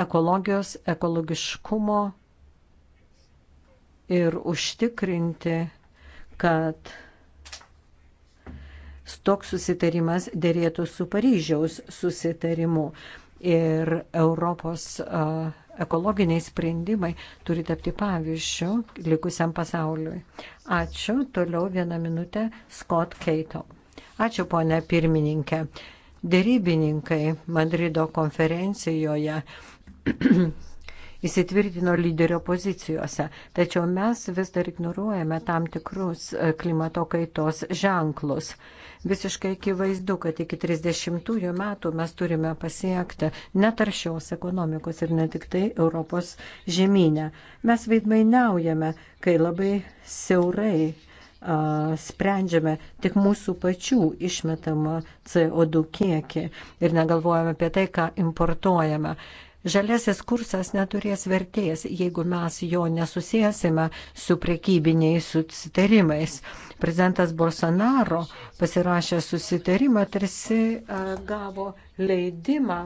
ekologijos, ekologiškumo ir užtikrinti, kad toks susitarimas dėrėtų su Paryžiaus susitarimu. Ir Europos uh, ekologiniai sprendimai turi tapti pavyzdžių likusiam pasauliui. Ačiū. Toliau vieną minutę Scott Keito. Ačiū, ponė pirmininkė. Dėrybininkai Madrido konferencijoje uh, įsitvirtino lyderio pozicijose. Tačiau mes vis dar ignoruojame tam tikrus e, klimato kaitos ženklus. Visiškai akivaizdu, kad iki 30 metų mes turime pasiekti netaršiaus ekonomikos ir ne tik tai Europos žemynę. Mes veidmainiaujame, kai labai siaurai sprendžiame tik mūsų pačių išmetamą CO2 kiekį ir negalvojame apie tai, ką importuojame. Žalėsis kursas neturės vertės, jeigu mes jo nesusijęsime su prekybiniais susitarimais. Prezidentas Bolsonaro pasirašė susitarimą, tarsi e, gavo leidimą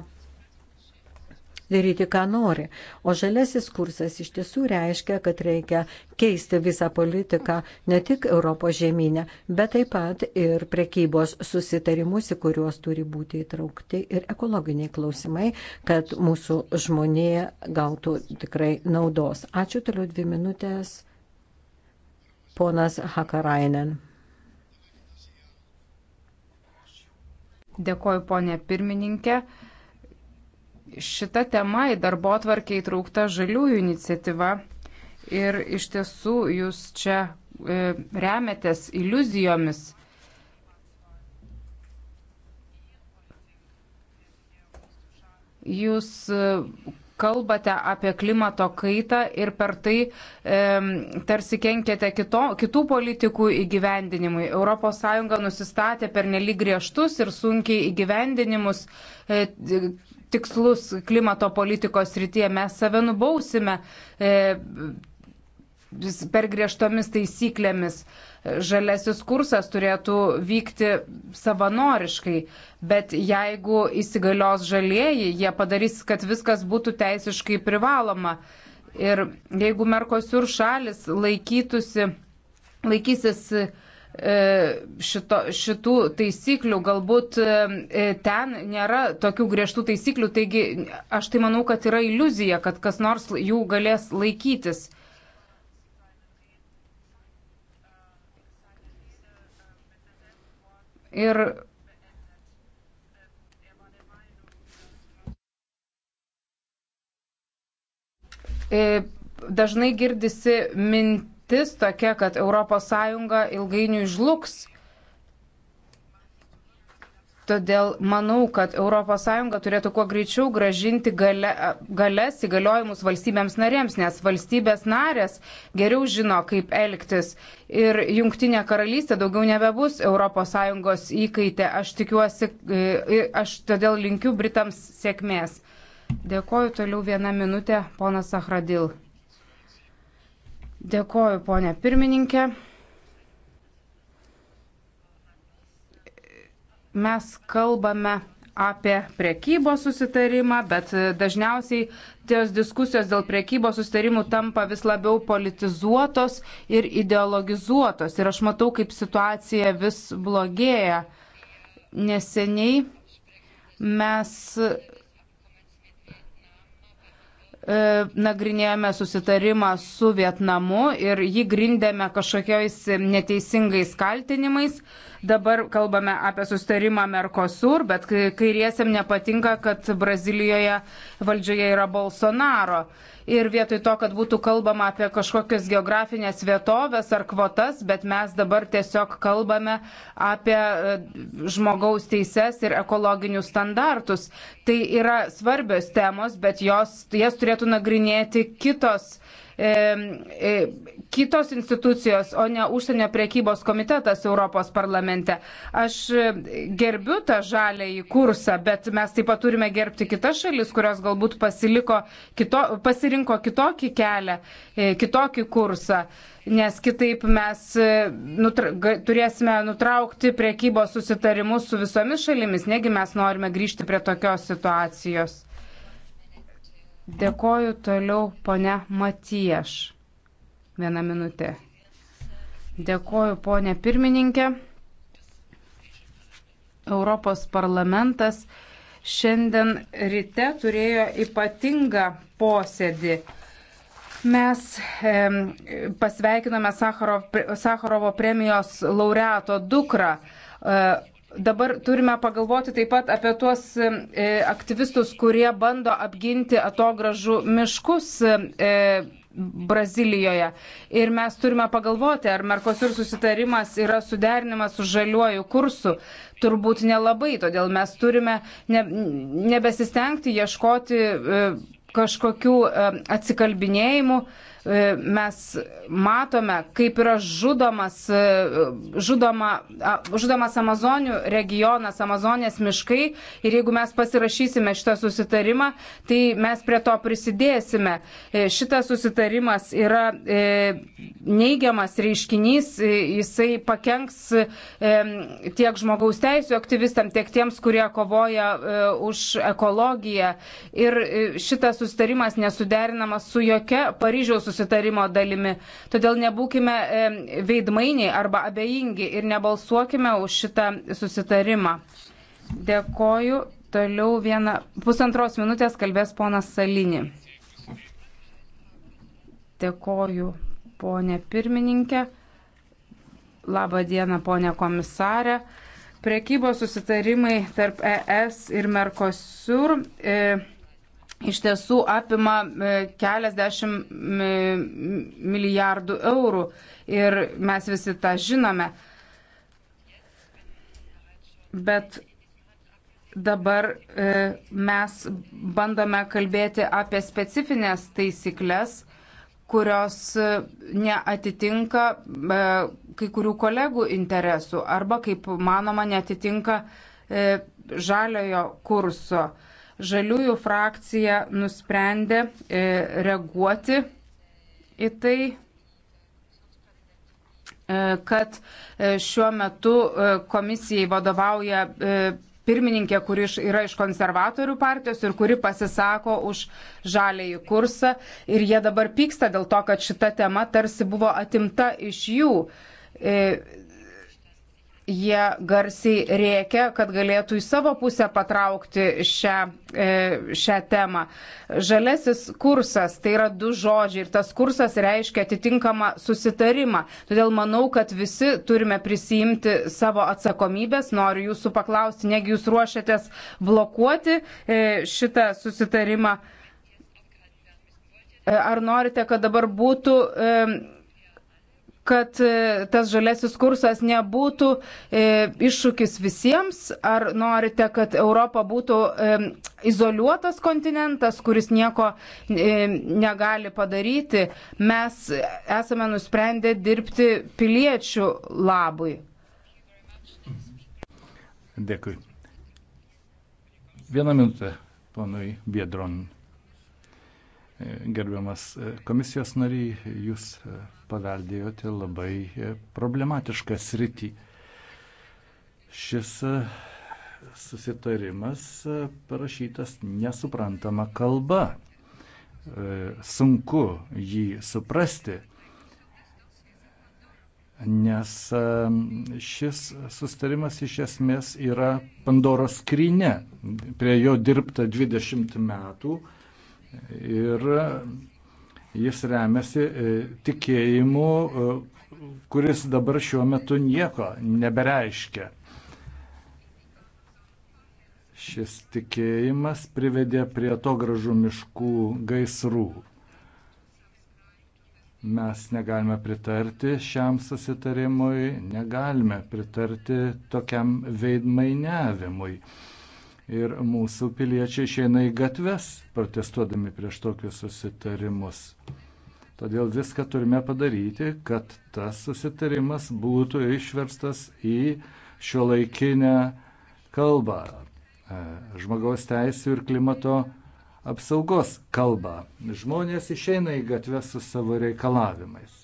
daryti, ką nori. O žalesis kursas iš tiesų reiškia, kad reikia keisti visą politiką ne tik Europos žemynę, bet taip pat ir prekybos susitarimus, į kuriuos turi būti įtraukti ir ekologiniai klausimai, kad mūsų žmonėje gautų tikrai naudos. Ačiū toliau dvi minutės. Ponas Hakarainen. Dėkoju, ponė pirmininkė. Šita tema į darbo atvarkę įtraukta žaliųjų iniciatyva ir iš tiesų jūs čia e, remiatės iliuzijomis. Jūs e, kalbate apie klimato kaitą ir per tai e, tarsi kenkėte kito, kitų politikų įgyvendinimui. ES nusistatė per nelik griežtus ir sunkiai įgyvendinimus e, tikslus klimato politikos rytyje. Mes save nubausime e, per griežtomis taisyklėmis. Žalesis kursas turėtų vykti savanoriškai, bet jeigu įsigalios žalieji, jie padarys, kad viskas būtų teisiškai privaloma. Ir jeigu Merkosiur šalis laikytųsi, laikysis E, šito, šitų taisyklių, galbūt e, e, ten nėra tokių griežtų taisyklių, taigi aš tai manau, kad yra iliuzija, kad kas nors jų galės laikytis. Ir dažnai girdisi mintis mintis tokia, kad ES ilgainiui žlugs. Todėl manau, kad ES turėtų kuo greičiau gražinti gale, galės įgaliojimus valstybėms narėms, nes valstybės narės geriau žino, kaip elgtis. Ir Junktinė karalystė daugiau nebebus ES įkaitė. Aš tikiuosi, e, e, aš todėl linkiu Britams sėkmės. Dėkoju toliau vieną minutę, ponas Sahradil. Dėkoju, ponė pirmininkė. Mes kalbame apie prekybos susitarimą, bet dažniausiai tos diskusijos dėl prekybos susitarimų tampa vis labiau politizuotos ir ideologizuotos. Ir aš matau, kaip situacija vis blogėja. Neseniai mes E, nagrinėjome susitarimą su Vietnamu ir jį grindėme kažkokiais neteisingais kaltinimais. Dabar kalbame apie susitarimą Mercosur, bet kairiesiam nepatinka, kad Brazilijoje valdžioje yra Bolsonaro ir vietoj to, kad būtų kalbama apie kažkokias geografinės vietovės ar kvotas, bet mes dabar tiesiog kalbame apie e, žmogaus teises ir ekologinius standartus. Tai yra svarbios temos, bet jos, jas turėtų nagrinėti kitos E, kitos institucijos, o ne užsienio priekybos komitetas Europos parlamente. Aš e, gerbiu tą žalėjį kursą, bet mes taip pat turime gerbti kitas šalis, kurios galbūt kito, pasirinko kitokį kelią, e, kitokį kursą, nes kitaip mes nutra, turėsime nutraukti priekybos susitarimus su visomis šalimis, negi mes norime grįžti prie tokios situacijos. Dėkoju toliau ponia Matieš. Vieną minutę. Dėkoju ponė pirmininkė. Europos parlamentas šiandien ryte turėjo ypatingą posėdį. Mes e, pasveikiname Sakharov, Sakharovo premijos laureato dukrą. E, dabar turime pagalvoti taip pat apie tuos e, aktyvistus, kurie bando apginti atogražų miškus. E, Brazilijoje. Ir mes turime pagalvoti, ar Merkosur susitarimas yra suderinimas su žaliuoju kursu. Turbūt nelabai, todėl mes turime ne, nebesistengti ieškoti e, kažkokių atsikalbinėjimų. E, E, mes matome, kaip yra žudomas, e, žudoma, žudomas Amazonių regionas, Amazonės miškai ir jeigu mes pasirašysime šitą susitarimą, tai mes prie to prisidėsime. E, šitas susitarimas yra neigiamas reiškinys, jisai pakenks tiek žmogaus teisų aktyvistam, tiek tiems, kurie kovoja už ekologiją. Ir šitas susitarimas nesuderinamas su jokia Paryžiaus susitarimu susitarimo dalimi. Todėl nebūkime e, veidmainiai arba abejingi ir nebalsuokime už šitą susitarimą. Dėkoju. Toliau vieną pusantros minutės kalbės ponas Salinį. Dėkoju, ponė pirmininkė. Labą dieną, ponė komisarė. Prekybos susitarimai tarp ES ir Merkosur. E, iš tiesų apima e, keliasdešimt e, milijardų eurų ir mes visi tą žinome. Bet dabar e, mes bandome kalbėti apie specifines taisyklės, kurios neatitinka kai kurių kolegų interesų arba, kaip manoma, neatitinka žaliojo kurso. Žaliųjų frakcija nusprendė e, reaguoti į tai e, kad e, šiuo metu komisijai vadovauja pirmininkė, kuri yra iš konservatorių partijos ir kuri pasisako už žalėjį kursą. Ir jie dabar pyksta dėl to, kad šita tema tarsi buvo atimta iš jų jie garsiai rėkia, kad galėtų į savo pusę patraukti šią, e, šią temą. Žalesis kursas tai yra du žodžiai ir tas kursas reiškia atitinkamą susitarimą. Todėl manau, kad visi turime prisijimti savo atsakomybės. Noriu jūsų paklausti, negi jūs ruošiatės blokuoti e, šitą susitarimą. E, ar norite, kad dabar būtų kad e, tas žalesis kursas nebūtų e, iššūkis visiems? Ar norite, kad Europa būtų e, izoliuotas kontinentas, kuris nieko e, negali padaryti? Mes esame nusprendę dirbti piliečių labui. Dėkui. Vieną minutę, ponui Biedron. Gerbiamas e, komisijos nariai, jūs e, paveldėjote labai e, problematišką sritį. Šis susitarimas parašytas nesuprantama kalba. Sunku jį suprasti, nes šis susitarimas iš esmės yra Pandoros skryne. Prie jo dirbta 20 metų Ir jis remiasi e, tikėjimu, e, kuris dabar šiuo metu nieko nebereiškia. Šis tikėjimas privedė prie to gražų miškų gaisrų. Mes negalime pritarti šiam susitarimui, negalime pritarti tokiam veidmainiavimui ir mūsų piliečiai išeina į gatves protestuodami prieš tokius susitarimus. Todėl viską turime padaryti, kad tas susitarimas būtų išverstas į šio laikinę kalbą, e, žmogaus teisų ir klimato apsaugos kalbą. Žmonės išeina į gatves su savo reikalavimais.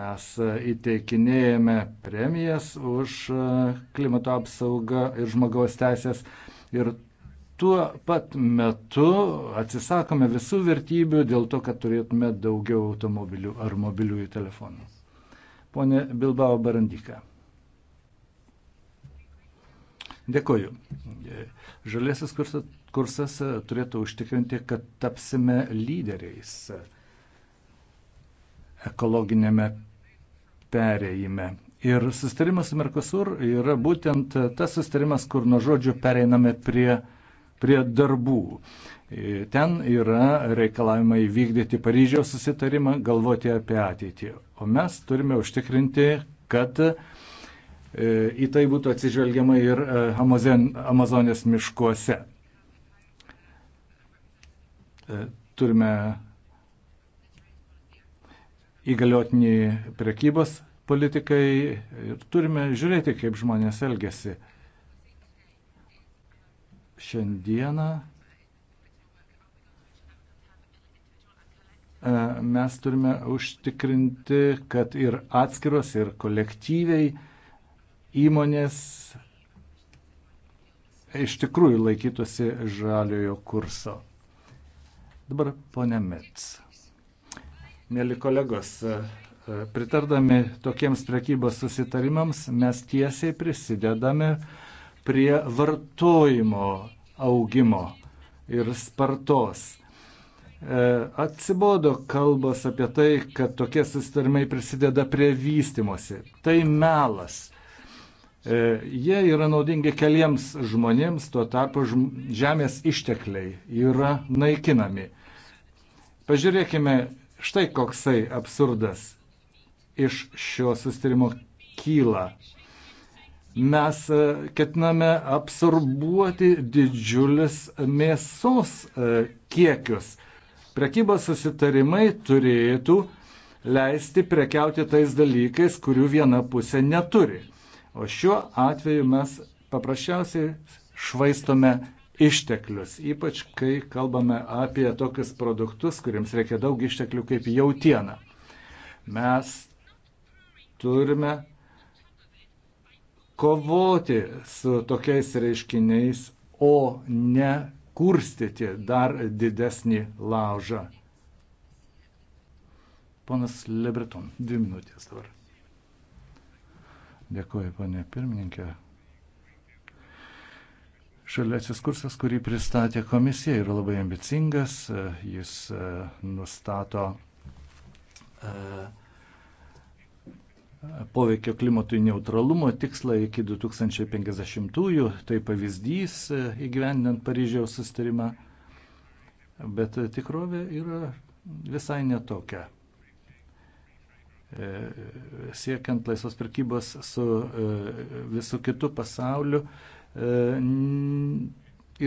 Mes e, įteikinėjame premijas už e, klimato apsaugą ir žmogaus teisės ir tuo pat metu atsisakome visų vertybių dėl to, kad turėtume daugiau automobilių ar mobiliųjų telefonų. Pone Bilbao Barandika. Dėkoju. Žalėsis kursas, kursas turėtų užtikrinti, kad tapsime lyderiais ekologinėme perėjime. Ir sustarimas su Merkosur yra būtent tas sustarimas, kur nuo žodžių pereiname prie, prie darbų. E, ten yra reikalavimai vykdyti Paryžiaus susitarimą, galvoti apie ateitį. O mes turime užtikrinti, kad e, į tai būtų atsižvelgiama ir e, Amazonės miškuose. Turime įgaliotinį prekybos politikai ir turime žiūrėti, kaip žmonės elgesi. Šiandieną e, mes turime užtikrinti, kad ir atskiros, ir kolektyviai įmonės iš tikrųjų laikytųsi žaliojo kurso. Dabar ponė Mets. Mėly kolegos, E, pritardami tokiems prekybos susitarimams mes tiesiai prisidedame prie vartojimo augimo ir spartos. E, atsibodo kalbos apie tai, kad tokie susitarimai prisideda prie vystimosi. Tai melas. E, jie yra naudingi keliems žmonėms, tuo tarpu žemės ištekliai yra naikinami. Pažiūrėkime, štai koksai absurdas iš šio sustarimo kyla. Mes e, ketiname absorbuoti didžiulis mėsos e, kiekius. Prekybos susitarimai turėtų leisti prekiauti tais dalykais, kurių viena pusė neturi. O šiuo atveju mes paprasčiausiai švaistome išteklius, ypač kai kalbame apie tokius produktus, kuriems reikia daug išteklių kaip jautiena. Mes turime kovoti su tokiais reiškiniais, o ne kurstyti dar didesnį laužą. Ponas Lebreton, dvi minutės dabar. Dėkuoju, ponė pirmininkė. Šaliasis kursas, kurį pristatė komisija, yra labai ambicingas. Jis e, nustato uh, poveikio klimatui neutralumo tikslą iki 2050-ųjų, tai pavyzdys e, įgyvendinant Paryžiaus sustarimą, bet e, tikrovė yra visai netokia. E, siekiant laisvos prekybos su visų kitų pasauliu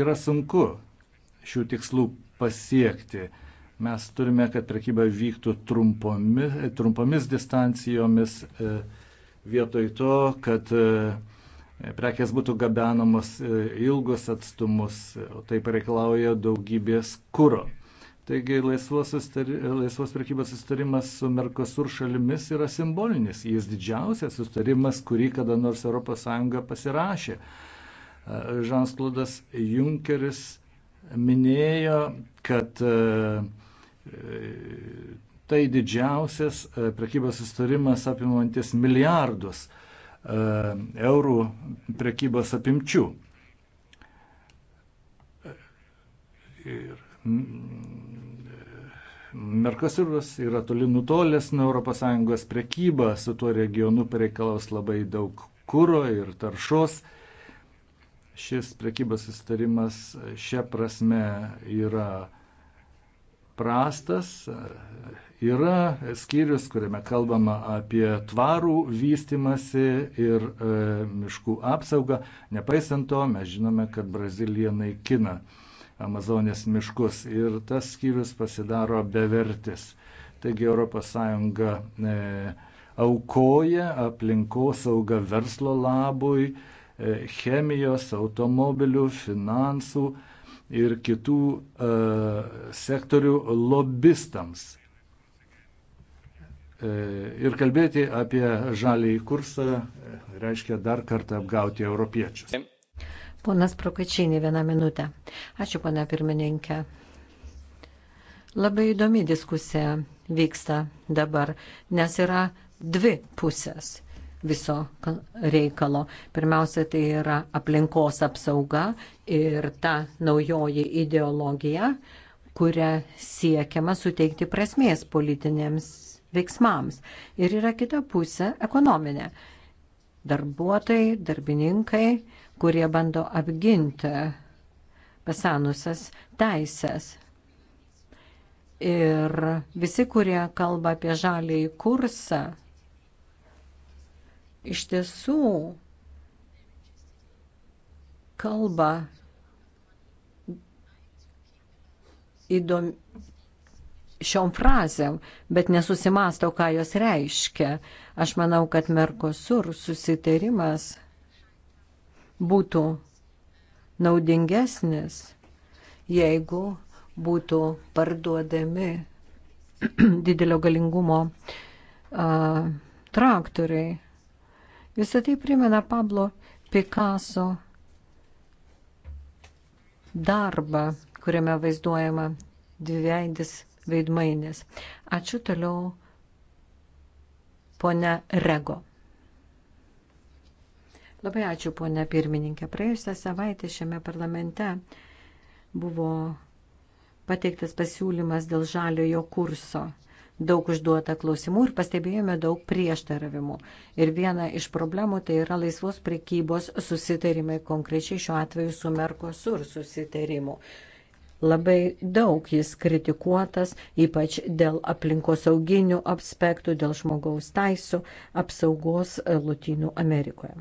yra sunku šių tikslų pasiekti. Mes turime, kad prekyba vyktų trumpomis, trumpomis distancijomis, e, vietoj to, kad e, prekės būtų gabenamos e, ilgus atstumus, o tai pareikalauja daugybės kūro. Taigi laisvos, sustari, laisvos prekybos sustarimas su Merkosur šalimis yra simbolinis. Jis didžiausias sustarimas, kurį kada nors ES pasirašė. Žansklaudas Junkeris minėjo, kad uh, Tai didžiausias e, prekybos sustarimas apimantis milijardus e, eurų prekybos apimčių. Ir mm, e, Merkosiuras yra toli nutolęs nuo ES prekyba, su tuo regionu pareikalaus labai daug kūro ir taršos. Šis prekybos sustarimas šia prasme yra uh, prastas. Yra skyrius, kuriame kalbama apie tvarų vystimasi ir e, miškų apsaugą. Nepaisant to, mes žinome, kad Brazilija naikina Amazonės miškus ir tas skyrius pasidaro bevertis. Taigi ES e, aukoja aplinkosaugą verslo labui, e, chemijos, automobilių, finansų, e, ir kitų e, sektorių lobistams. E, ir kalbėti apie žalį kursą e, reiškia dar kartą apgauti europiečius. Ponas Prokačinė, vieną minutę. Ačiū, pana pirmininkė. Labai įdomi diskusija vyksta dabar, nes yra dvi pusės viso reikalo. Pirmiausia, tai yra aplinkos apsauga ir ta naujoji ideologija, kuria siekiama suteikti prasmės politinėms veiksmams. Ir yra kita pusė - ekonominė. Darbuotojai, darbininkai, kurie bando apginti pasenusias teisės. Ir visi, kurie kalba apie žalį kursą, iš tiesų kalba įdom, šiom frazėm, bet nesusimasto, ką jos reiškia. Aš manau, kad Merkosur susitarimas būtų naudingesnis, jeigu būtų parduodami didelio galingumo a, traktoriai Visą tai primena Pablo Picasso darbą, kuriame vaizduojama dviveidis veidmainės. Ačiū toliau ponia Rego. Labai ačiū ponia pirmininkė. Praėjusią savaitę šiame parlamente buvo pateiktas pasiūlymas dėl žaliojo kurso daug užduota klausimų ir pastebėjome daug prieštaravimų. Ir viena iš problemų tai yra laisvos prekybos susitarimai, konkrečiai šiuo atveju su Merkosur susitarimu. Labai daug jis kritikuotas, ypač dėl aplinkosauginių aspektų, dėl žmogaus taisų apsaugos e, Latinų Amerikoje.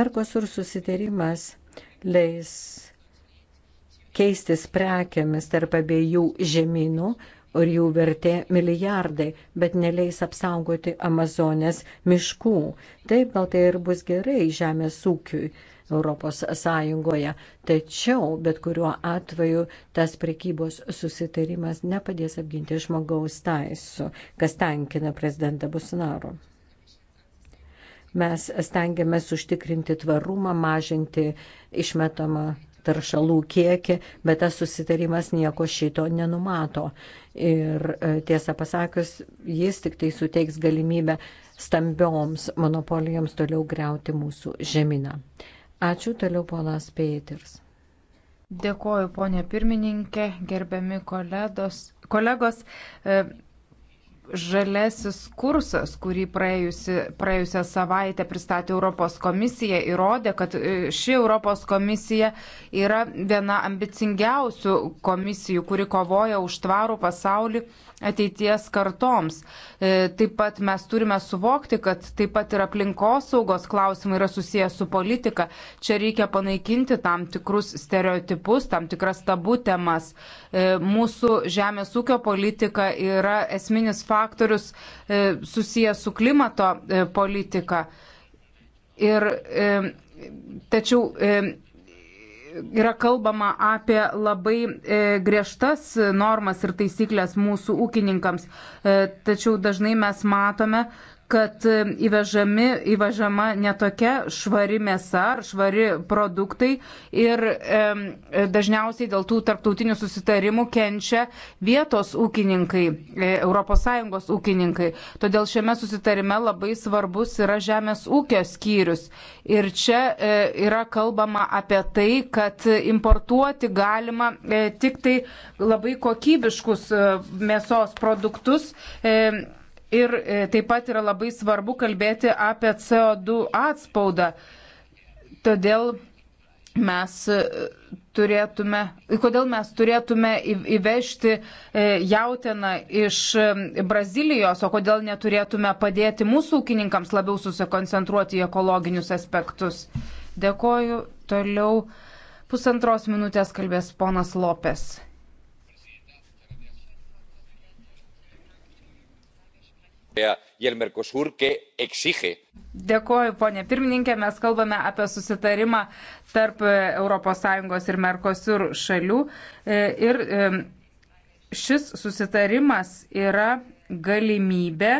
Merkosur susitarimas leis keistis prekiamis tarp abiejų žemynų ir jų vertė milijardai, bet neleis apsaugoti Amazonės miškų. Taip, gal tai ir bus gerai žemės ūkiui. Europos Sąjungoje. Tačiau, bet kuriuo atveju, tas prekybos susitarimas nepadės apginti žmogaus taisų, kas tenkina prezidentą Busnaro mes stengiamės užtikrinti tvarumą, mažinti išmetamą taršalų kiekį, bet tas susitarimas nieko šito nenumato. Ir e, tiesą pasakius, jis tik tai suteiks galimybę stambioms monopolijoms toliau greuti mūsų žeminą. Ačiū toliau ponas Peters. Dėkoju, ponė pirmininkė, gerbiami kolegos. kolegos e, žalesis kursas, kurį praėjusi, praėjusią savaitę pristatė Europos komisija, įrodė, kad e, ši Europos komisija yra viena ambicingiausių komisijų, kuri kovoja už tvarų pasaulį ateities kartoms. E, taip pat mes turime suvokti, kad taip pat ir aplinkosaugos klausimai yra susijęs su politika. Čia reikia panaikinti tam tikrus stereotipus, tam tikras tabu temas. E, mūsų žemės ūkio politika yra esminis faktorius e, susijęs su klimato politika. Ir, tačiau yra kalbama apie labai e, griežtas normas ir taisyklės mūsų ūkininkams, e, tačiau dažnai mes matome, kad įvežami, įvežama netokia švari mėsa ar švari produktai ir e, dažniausiai dėl tų tarptautinių susitarimų kenčia vietos ūkininkai, e, ES ūkininkai. Todėl šiame susitarime labai svarbus yra žemės ūkio skyrius. Ir čia e, yra kalbama apie tai, kad importuoti galima e, tik tai labai kokybiškus e, mėsos produktus. E, Ir e, taip pat yra labai svarbu kalbėti apie CO2 atspaudą. Todėl mes e, turėtume, kodėl mes turėtume įvežti e, jautieną iš Brazilijos, o kodėl neturėtume padėti mūsų ūkininkams labiau susikoncentruoti į ekologinius aspektus. Dėkoju. Toliau pusantros minutės kalbės ponas Lopes. Dėkoju, ponė pirmininkė, mes kalbame apie susitarimą tarp ES ir Merkosur šalių. E, ir e, šis susitarimas yra galimybė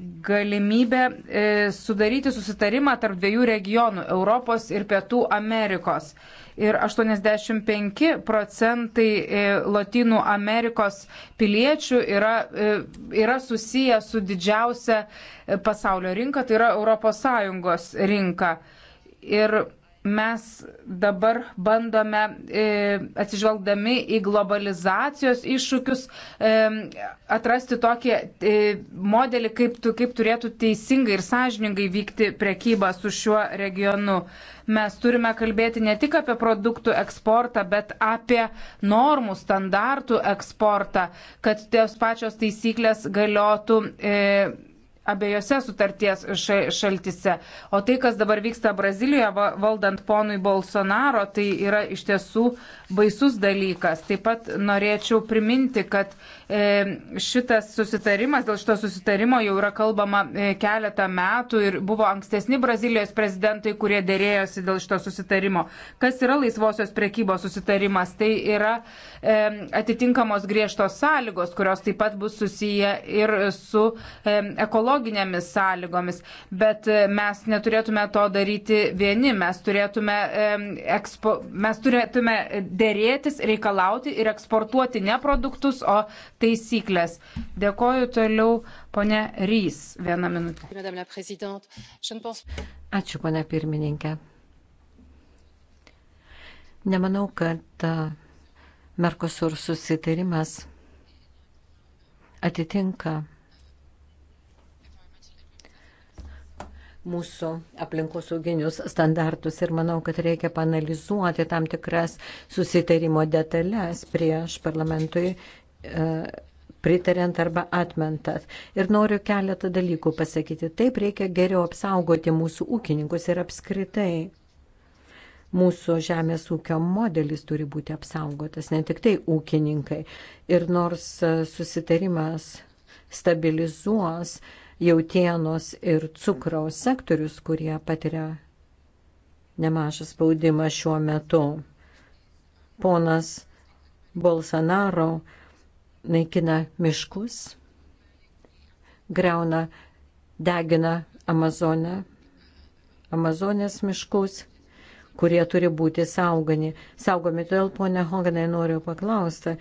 galimybę e, sudaryti susitarimą tarp dviejų regionų - Europos ir Pietų Amerikos. Ir 85 procentai e, Latinų Amerikos piliečių yra, e, yra susiję su didžiausia e, pasaulio rinka, tai yra Europos Sąjungos rinka. Ir mes dabar bandome e, atsižvelgdami į globalizacijos iššūkius e, atrasti tokį e, modelį, kaip, kaip turėtų teisingai ir sąžiningai vykti prekyba su šiuo regionu. Mes turime kalbėti ne tik apie produktų eksportą, bet apie normų, standartų eksportą, kad tos pačios taisyklės galiotų. E, abiejose sutarties šaltise. O tai, kas dabar vyksta Brazilijoje valdant ponui Bolsonaro, tai yra iš tiesų baisus dalykas. Taip pat norėčiau priminti, kad E, šitas susitarimas, dėl šito susitarimo jau yra kalbama e, keletą metų ir buvo ankstesni Brazilijos prezidentai, kurie dėrėjosi dėl šito susitarimo. Kas yra laisvosios prekybos susitarimas? Tai yra e, atitinkamos griežtos sąlygos, kurios taip pat bus susiję ir su ekologinėmis sąlygomis. Bet mes neturėtume to daryti vieni, mes turėtume, ekspo, mes turėtume dėrėtis, reikalauti ir eksportuoti ne produktus, o taisyklės. Dėkoju toliau, ponė Rys, vieną minutę. Ačiū, ponė pirmininkė. Nemanau, kad Merkosur susitarimas atitinka mūsų aplinkosauginius standartus ir manau, kad reikia panalizuoti tam tikras susitarimo detalės prieš parlamentui E, pritarent arba atmentat. Ir noriu keletą dalykų pasakyti. Taip reikia geriau apsaugoti mūsų ūkininkus ir apskritai mūsų žemės ūkio modelis turi būti apsaugotas, ne tik tai ūkininkai. Ir nors e, susitarimas stabilizuos jautienos ir cukraus sektorius, kurie patiria nemažą spaudimą šiuo metu, ponas Bolsonaro naikina miškus, greuna, degina Amazonę, Amazonės miškus, kurie turi būti saugani. saugomi. Todėl, ponia Hoganai, noriu paklausti,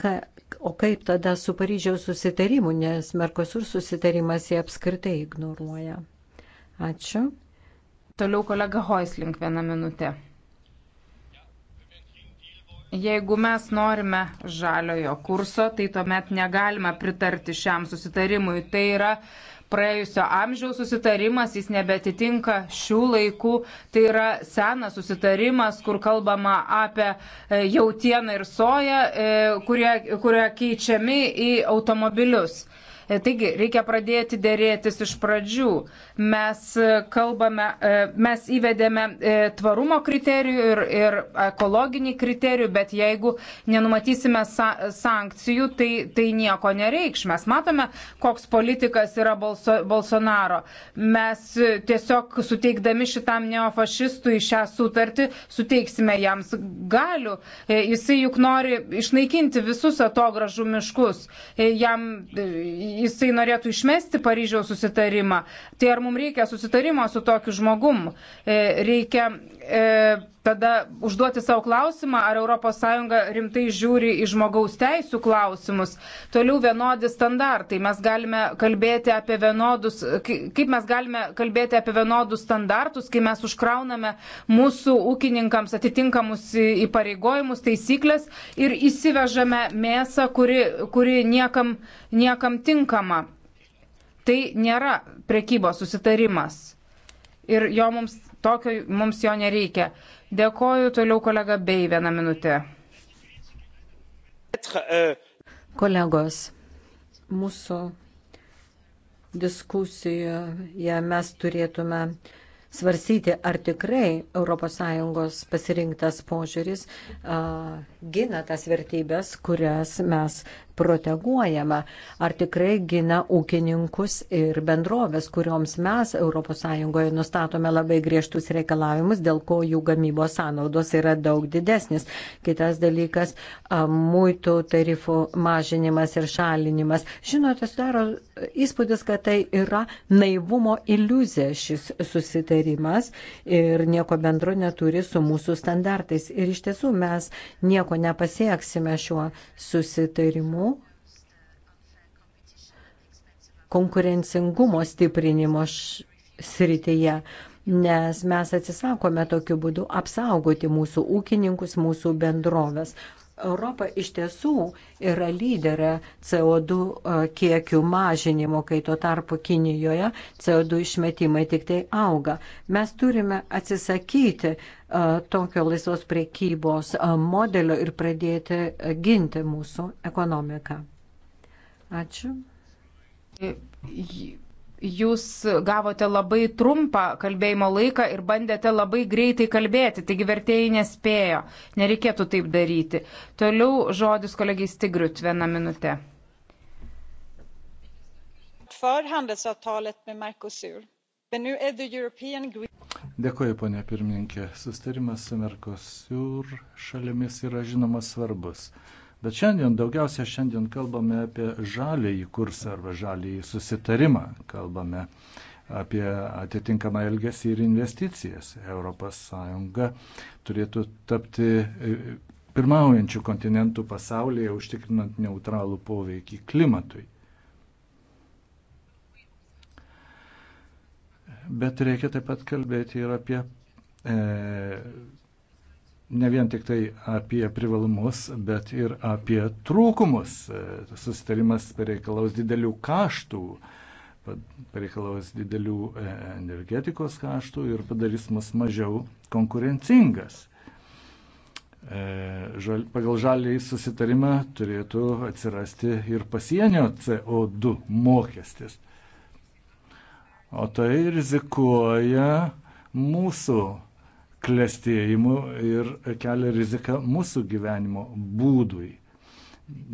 ka, o kaip tada su Paryžiaus susitarimu, nes Merkosur susitarimas jie apskritai ignoruoja. Ačiū. Toliau kolega Hoislink vieną minutę. Jeigu mes norime žaliojo kurso, tai tuomet negalime pritarti šiam susitarimui. Tai yra praėjusio amžiaus susitarimas, jis nebetitinka šių laikų. Tai yra senas susitarimas, kur kalbama apie e, jautieną ir soją, e, kurie, kurie keičiami į automobilius. E, taigi, reikia pradėti dėrėtis iš pradžių. Mes, e, kalbame, e, mes įvedėme tvarumo kriterijų ir, ir ekologinį kriterijų, bet jeigu nenumatysime sa sankcijų, tai, tai nieko nereikš. Mes matome, koks politikas yra Bolso Bolsonaro. Mes tiesiog suteikdami šitam neofašistui šią sutartį, suteiksime jam galių. Jisai juk nori išnaikinti visus atogražų miškus. Jam, jisai norėtų išmesti Paryžiaus susitarimą, tai ar mums reikia susitarimo su tokiu žmogum? E, reikia e, tada užduoti savo klausimą, ar ES rimtai žiūri į žmogaus teisų klausimus. Toliau vienodi standartai. Mes galime kalbėti apie vienodus, kaip mes galime kalbėti apie vienodus standartus, kai mes užkrauname mūsų ūkininkams atitinkamus įpareigojimus, taisyklės ir įsivežame mėsą, kuri, kuri niekam, niekam tinkama. Tai nėra prekybos susitarimas ir jo mums Tokio mums jo nereikia. Dėkoju toliau kolega Bei vieną minutę. Kolegos, mūsų diskusijoje mes turėtume svarsyti, ar tikrai ES pasirinktas požiūris uh, gina tas vertybės, kurias mes proteguojama, ar tikrai gina ūkininkus ir bendrovės, kurioms mes ES nustatome labai griežtus reikalavimus, dėl ko jų gamybos sąnaudos yra daug didesnis. Kitas dalykas - muitų tarifų mažinimas ir šalinimas. Žinote, sudaro įspūdis, kad tai yra naivumo iliuzija šis susitarimas ir nieko bendro neturi su mūsų standartais. Ir iš tiesų mes nieko nepasieksime šiuo susitarimu konkurencingumo stiprinimo srityje, nes mes atsisakome tokiu būdu apsaugoti mūsų ūkininkus, mūsų bendrovės. Europa iš tiesų yra lyderė CO2 e, kiekių mažinimo, kai tuo tarpu Kinijoje CO2 išmetimai tik tai auga. Mes turime atsisakyti uh, tokio laisvos priekybos uh, modelio ir pradėti uh, ginti mūsų ekonomiką. Ačiū. Jūs gavote labai trumpą kalbėjimo laiką ir bandėte labai greitai kalbėti, taigi vertėjai nespėjo. Nereikėtų taip daryti. Toliau žodis kolegijai Stigriut vieną minutę. Dėkuoju, ponė pirmininkė. Sustarimas su Merkosiur šalimis yra žinoma svarbus. Bet šiandien daugiausia šiandien kalbame apie žalį kursą arba žalį susitarimą, kalbame apie atitinkamą elgesį ir investicijas. ES turėtų tapti e, pirmaujančių kontinentų pasaulyje, užtikrinant neutralų poveikį klimatui. Bet reikia taip pat kalbėti ir apie e, ne vien tik tai apie privalumus, bet ir apie trūkumus. E, susitarimas pareikalaus didelių kaštų, pareikalaus didelių e, energetikos kaštų ir padarys mus mažiau konkurencingas. E, pagal žaliai susitarimą turėtų atsirasti ir pasienio CO2 mokestis. O tai rizikuoja mūsų klestėjimu ir kelia riziką mūsų gyvenimo būdui.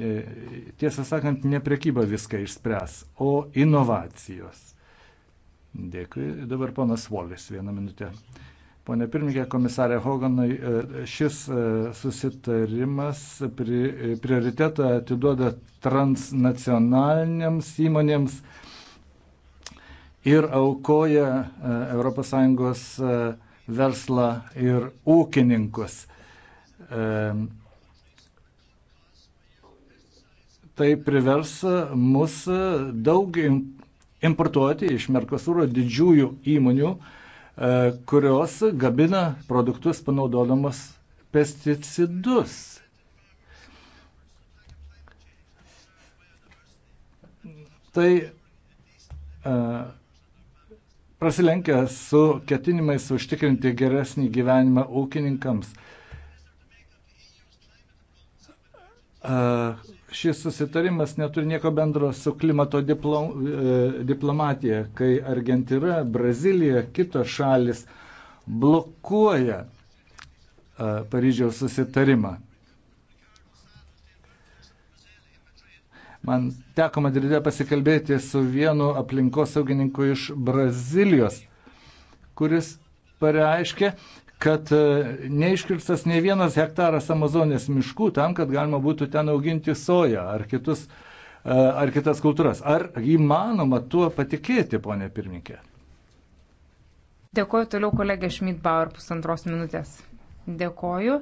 E, tiesą sakant, ne prekyba viską išspręs, o inovacijos. Dėkui. Dabar ponas Volis, vieną minutę. Pone pirmininkė, komisarė Hoganai, e, šis e, susitarimas pri, prioritetą atiduoda transnacionaliniams įmonėms ir aukoja ES verslą ir ūkininkus. Tai privers mus daug importuoti iš Merkosūro didžiųjų įmonių, e, kurios gabina produktus panaudodamas pesticidus. Tai e, prasilenkia su ketinimais užtikrinti geresnį gyvenimą ūkininkams. Šis susitarimas neturi nieko bendro su klimato diplo, e, diplomatija, kai Argentina, Brazilija, kitos šalis blokuoja Paryžiaus susitarimą. Man teko Madride pasikalbėti su vienu aplinkosaugininku iš Brazilijos, kuris pareiškė, kad e, neiškirstas ne vienas hektaras Amazonės miškų tam, kad galima būtų ten auginti soją ar, kitus, e, ar kitas kultūras. Ar įmanoma tuo patikėti, ponė pirmininkė? Dėkuoju toliau kolegė Šmitbauer pusantros minutės. Dėkuoju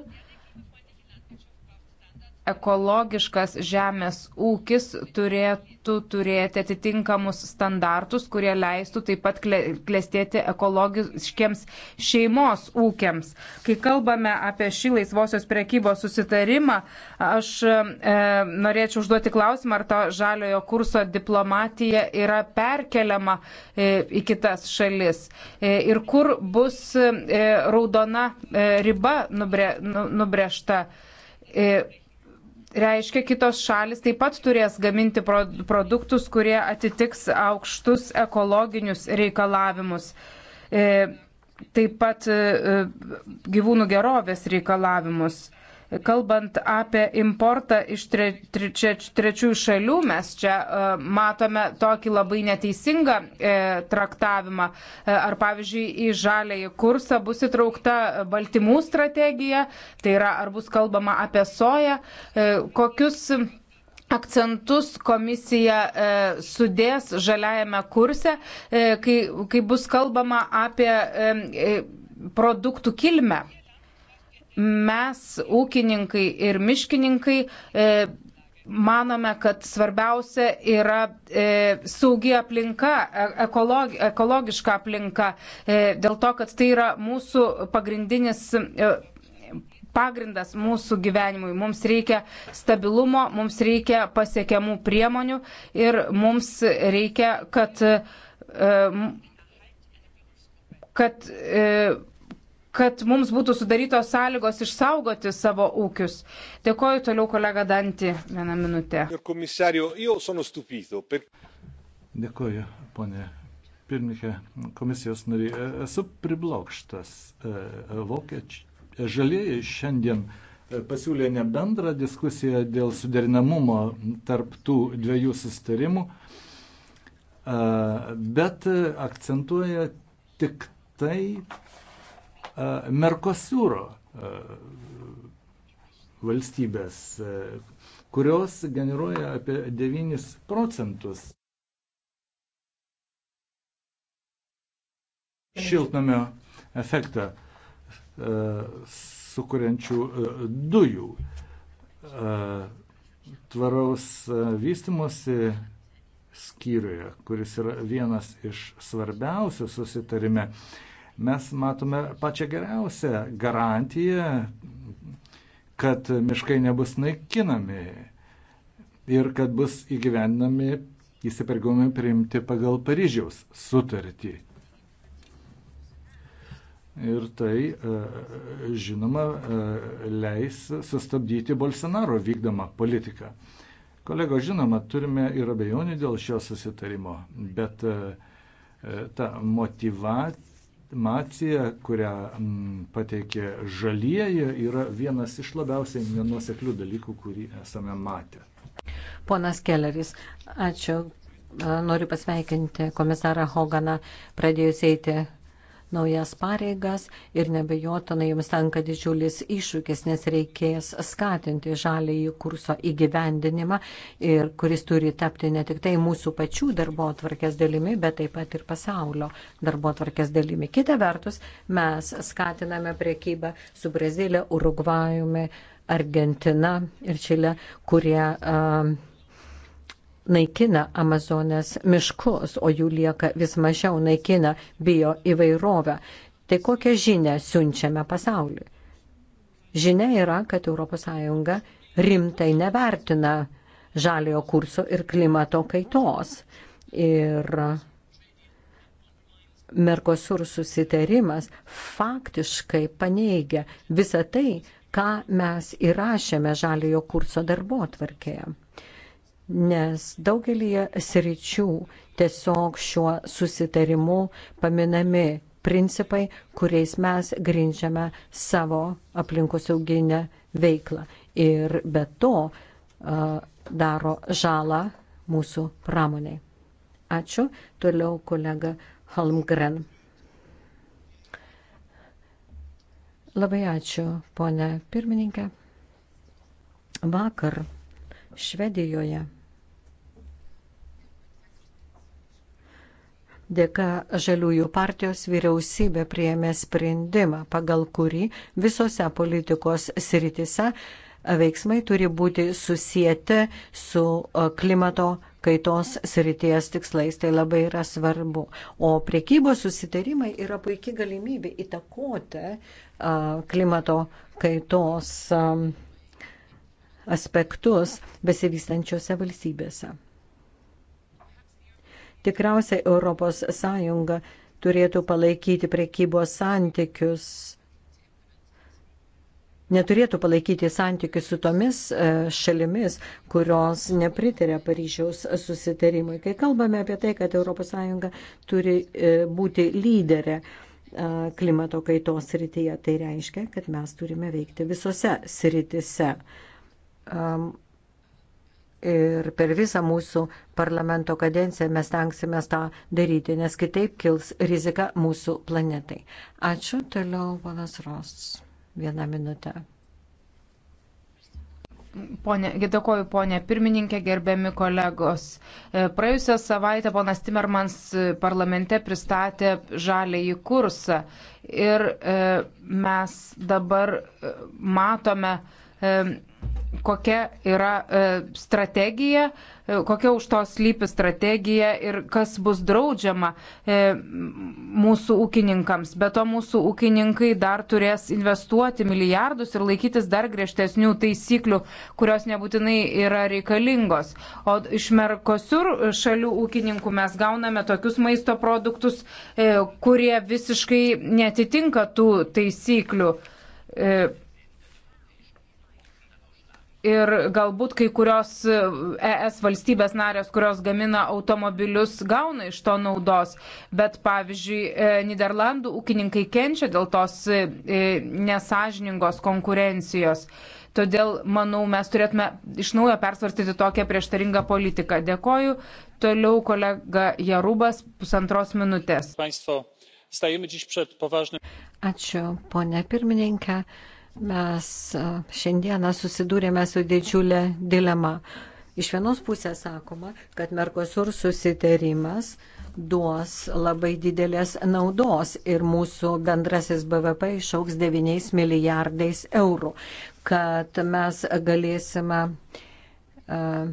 ekologiškas žemės ūkis turėtų turėti atitinkamus standartus, kurie leistų taip pat klestėti ekologiškiams šeimos ūkiams. Kai kalbame apie šį laisvosios prekybos susitarimą, aš e, norėčiau užduoti klausimą, ar to žaliojo kurso diplomatija yra perkeliama e, į kitas šalis e, ir kur bus e, raudona e, riba nubre, nu, nubrėžta. E, reiškia, kitos šalis taip pat turės gaminti produktus, kurie atitiks aukštus ekologinius reikalavimus. E, taip pat e, e, gyvūnų gerovės reikalavimus. Kalbant apie importą iš tre, tre, tre, trečiųjų šalių, mes čia e, matome tokį labai neteisingą e, traktavimą. E, ar pavyzdžiui, į žalėjį kursą bus įtraukta baltymų strategija, tai yra ar bus kalbama apie soją, e, kokius akcentus komisija e, sudės žaliajame kurse, e, kai, kai bus kalbama apie e, e produktų kilmę mes, ūkininkai ir miškininkai, e, manome, kad svarbiausia yra e, saugi aplinka, e, ekologi, ekologiška aplinka, e, dėl to, kad tai yra mūsų pagrindinis. E, Pagrindas mūsų gyvenimui. Mums reikia stabilumo, mums reikia pasiekiamų priemonių ir mums reikia, kad, e, kad e, kad mums būtų sudarytos sąlygos išsaugoti savo ūkius. Dėkoju toliau kolega Dantį vieną minutę. Dėkoju, ponė pirmininkė, komisijos nariai. E, esu priblokštas. E, e, vokiečiai, žalieji šiandien pasiūlė ne bendrą diskusiją dėl suderinamumo tarptų dviejų sustarimų, bet akcentuoja tik tai, Merkosiūro valstybės, kurios generuoja apie 9 procentus šiltnamio efektą sukuriančių dujų. Tvaraus vystimosi skyriuje, kuris yra vienas iš svarbiausių susitarime, mes matome pačią geriausią garantiją, kad miškai nebus naikinami ir kad bus įgyvendinami įsipareigojimai priimti pagal Paryžiaus sutartį. Ir tai, e, žinoma, e, leis sustabdyti Bolsonaro vykdomą politiką. Kolego, žinoma, turime ir abejonių dėl šio susitarimo, bet e, ta motivacija informacija, kurią mm, pateikė žalieji, yra vienas iš labiausiai nenuoseklių dalykų, kurį esame matę. Ponas Kelleris, ačiū. Noriu pasveikinti komisarą Hoganą, pradėjus eiti naujas pareigas ir nebejotinai jums tenka didžiulis iššūkis, nes reikės skatinti žalėjį kurso įgyvendinimą, ir, kuris turi tapti ne tik tai mūsų pačių darbo atvarkės dalimi, bet taip pat ir pasaulio darbo atvarkės dalimi. Kita vertus, mes skatiname priekybą su Brazilė, Urugvajumi, Argentina ir Čilė, kurie uh, naikina Amazonės miškus, o jų lieka vis mažiau, naikina bio įvairovę. Tai kokią žinę siunčiame pasauliu? Žinia yra, kad ES rimtai nevertina žaliojo kurso ir klimato kaitos. Ir Merkosur susitarimas faktiškai paneigia visą tai, ką mes įrašėme žaliojo kurso darbo atvarkėje nes daugelį sričių tiesiog šiuo susitarimu paminami principai, kuriais mes grindžiame savo aplinkosauginę veiklą. Ir be to daro žalą mūsų pramoniai. Ačiū. Toliau kolega Holmgren. Labai ačiū, ponė pirmininkė. Vakar Švedijoje dėka Žaliųjų partijos vyriausybė prieėmė sprendimą, pagal kurį visose politikos sritise veiksmai turi būti susijęti su klimato kaitos srities tikslais. Tai labai yra svarbu. O priekybos susitarimai yra puikia galimybė įtakoti klimato kaitos aspektus besivystančiose valstybėse. Tikriausiai ES turėtų palaikyti prekybos santykius, neturėtų palaikyti santykius su tomis e, šalimis, kurios nepritarė Paryžiaus susitarimui. Kai kalbame apie tai, kad ES turi e, būti lyderė e, klimato kaitos srityje, tai reiškia, kad mes turime veikti visose srityse. Um, ir per visą mūsų parlamento kadenciją mes tenksime tą daryti, nes kitaip kils rizika mūsų planetai. Ačiū, toliau panas Ros. Vieną minutę. Pone, dėkoju, ponė pirmininkė, gerbiami kolegos. E, praėjusią savaitę ponas Timermans parlamente pristatė žalėjį kursą ir e, mes dabar e, matome kokia yra e, strategija, e, kokia už to slypi strategija ir kas bus draudžiama e, mūsų ūkininkams. Be to mūsų ūkininkai dar turės investuoti milijardus ir laikytis dar griežtesnių taisyklių, kurios nebūtinai yra reikalingos. O iš Merkosur šalių ūkininkų mes gauname tokius maisto produktus, kurie visiškai netitinka tų taisyklių ir galbūt kai kurios ES e valstybės narės, kurios gamina automobilius, gauna iš to naudos. Bet pavyzdžiui, e, Niderlandų ūkininkai kenčia dėl tos e, nesažiningos konkurencijos. Todėl, manau, mes turėtume iš naujo persvarstyti tokią prieštaringą politiką. Dėkoju. Toliau kolega Jarubas, pusantros minutės. Ačiū, ponė pirmininkė. Mes šiandieną susidūrėme su didžiulė dilema. Iš vienos pusės sakoma, kad Merkosur susitarimas duos labai didelės naudos ir mūsų bendrasis BVP išauks 9 milijardais eurų, kad mes galėsime uh,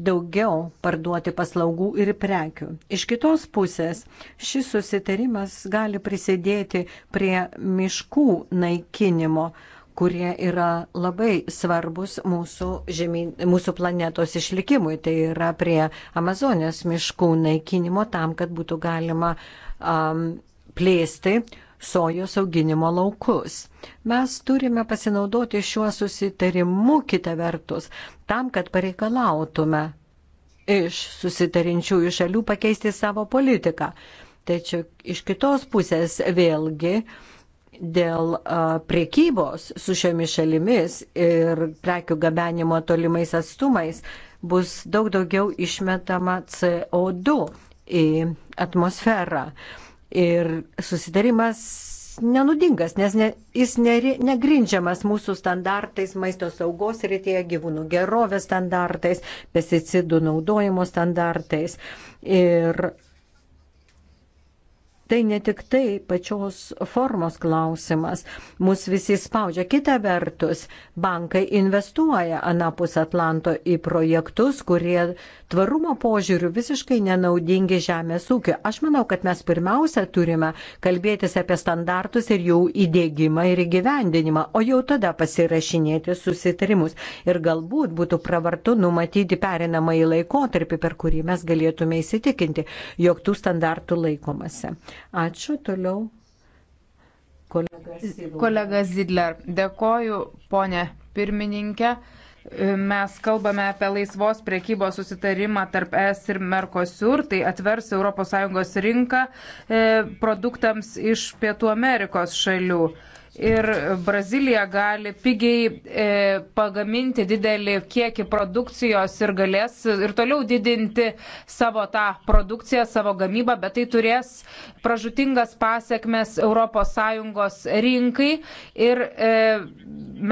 daugiau parduoti paslaugų ir prekių. Iš kitos pusės, šis susitarimas gali prisidėti prie miškų naikinimo, kurie yra labai svarbus mūsų, žemyn, mūsų planetos išlikimui. Tai yra prie Amazonės miškų naikinimo tam, kad būtų galima um, plėsti sojos auginimo laukus. Mes turime pasinaudoti šiuo susitarimu kitą vertus, tam, kad pareikalautume iš susitarinčiųjų šalių pakeisti savo politiką. Tačiau iš kitos pusės vėlgi dėl priekybos su šiomis šalimis ir prekių gabenimo tolimais atstumais bus daug daugiau išmetama CO2 į atmosferą. Ir susitarimas nenudingas, nes ne, jis neri, negrindžiamas mūsų standartais, maisto saugos rytėje, gyvūnų gerovės standartais, pesticidų naudojimo standartais. Ir tai ne tik tai pačios formos klausimas. Mūsų visi spaudžia. Kita vertus, bankai investuoja anapus Atlanto į projektus, kurie tvarumo požiūrių visiškai nenaudingi žemės ūkio. Aš manau, kad mes pirmiausia turime kalbėtis apie standartus ir jų įdėgymą ir įgyvendinimą, o jau tada pasirašinėti susitarimus. Ir galbūt būtų pravartu numatyti perinamąjį laikotarpį, per kurį mes galėtume įsitikinti, jog tų standartų laikomasi. Ačiū toliau. Kolega Zidler, dėkoju, ponė pirmininkė. Mes kalbame apie laisvos priekybos susitarimą tarp ES ir Mercosur, tai atvers ES rinką e, produktams iš Pietų Amerikos šalių ir Brazilija gali pigiai e, pagaminti didelį kiekį produkcijos ir galės ir toliau didinti savo tą produkciją, savo gamybą, bet tai turės pražutingas pasiekmes ES rinkai ir e,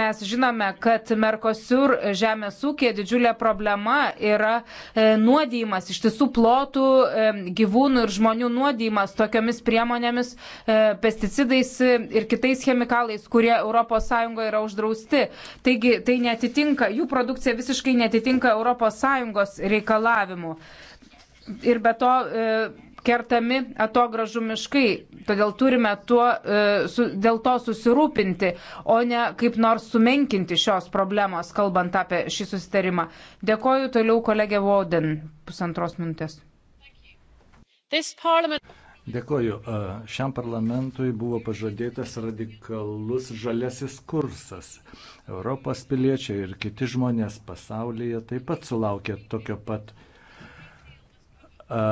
mes žinome, kad Merkosur žemės ūkė didžiulė problema yra e, nuodymas iš tiesų plotų e, gyvūnų ir žmonių nuodymas tokiomis priemonėmis, e, pesticidais ir kitais chemikais chemikalais, kurie ES yra uždrausti. Taigi tai netitinka, jų produkcija visiškai netitinka ES reikalavimų. Ir be to. E, kertami atogražų miškai, todėl turime tuo, e, su, dėl to susirūpinti, o ne kaip nors sumenkinti šios problemos, kalbant apie šį susitarimą. Dėkoju toliau kolegė Vauden, pusantros minutės. Parliament... Dėkoju. Šiam parlamentui buvo pažadėtas radikalus žalesis kursas. Europos piliečiai ir kiti žmonės pasaulyje taip pat sulaukė tokio pat a,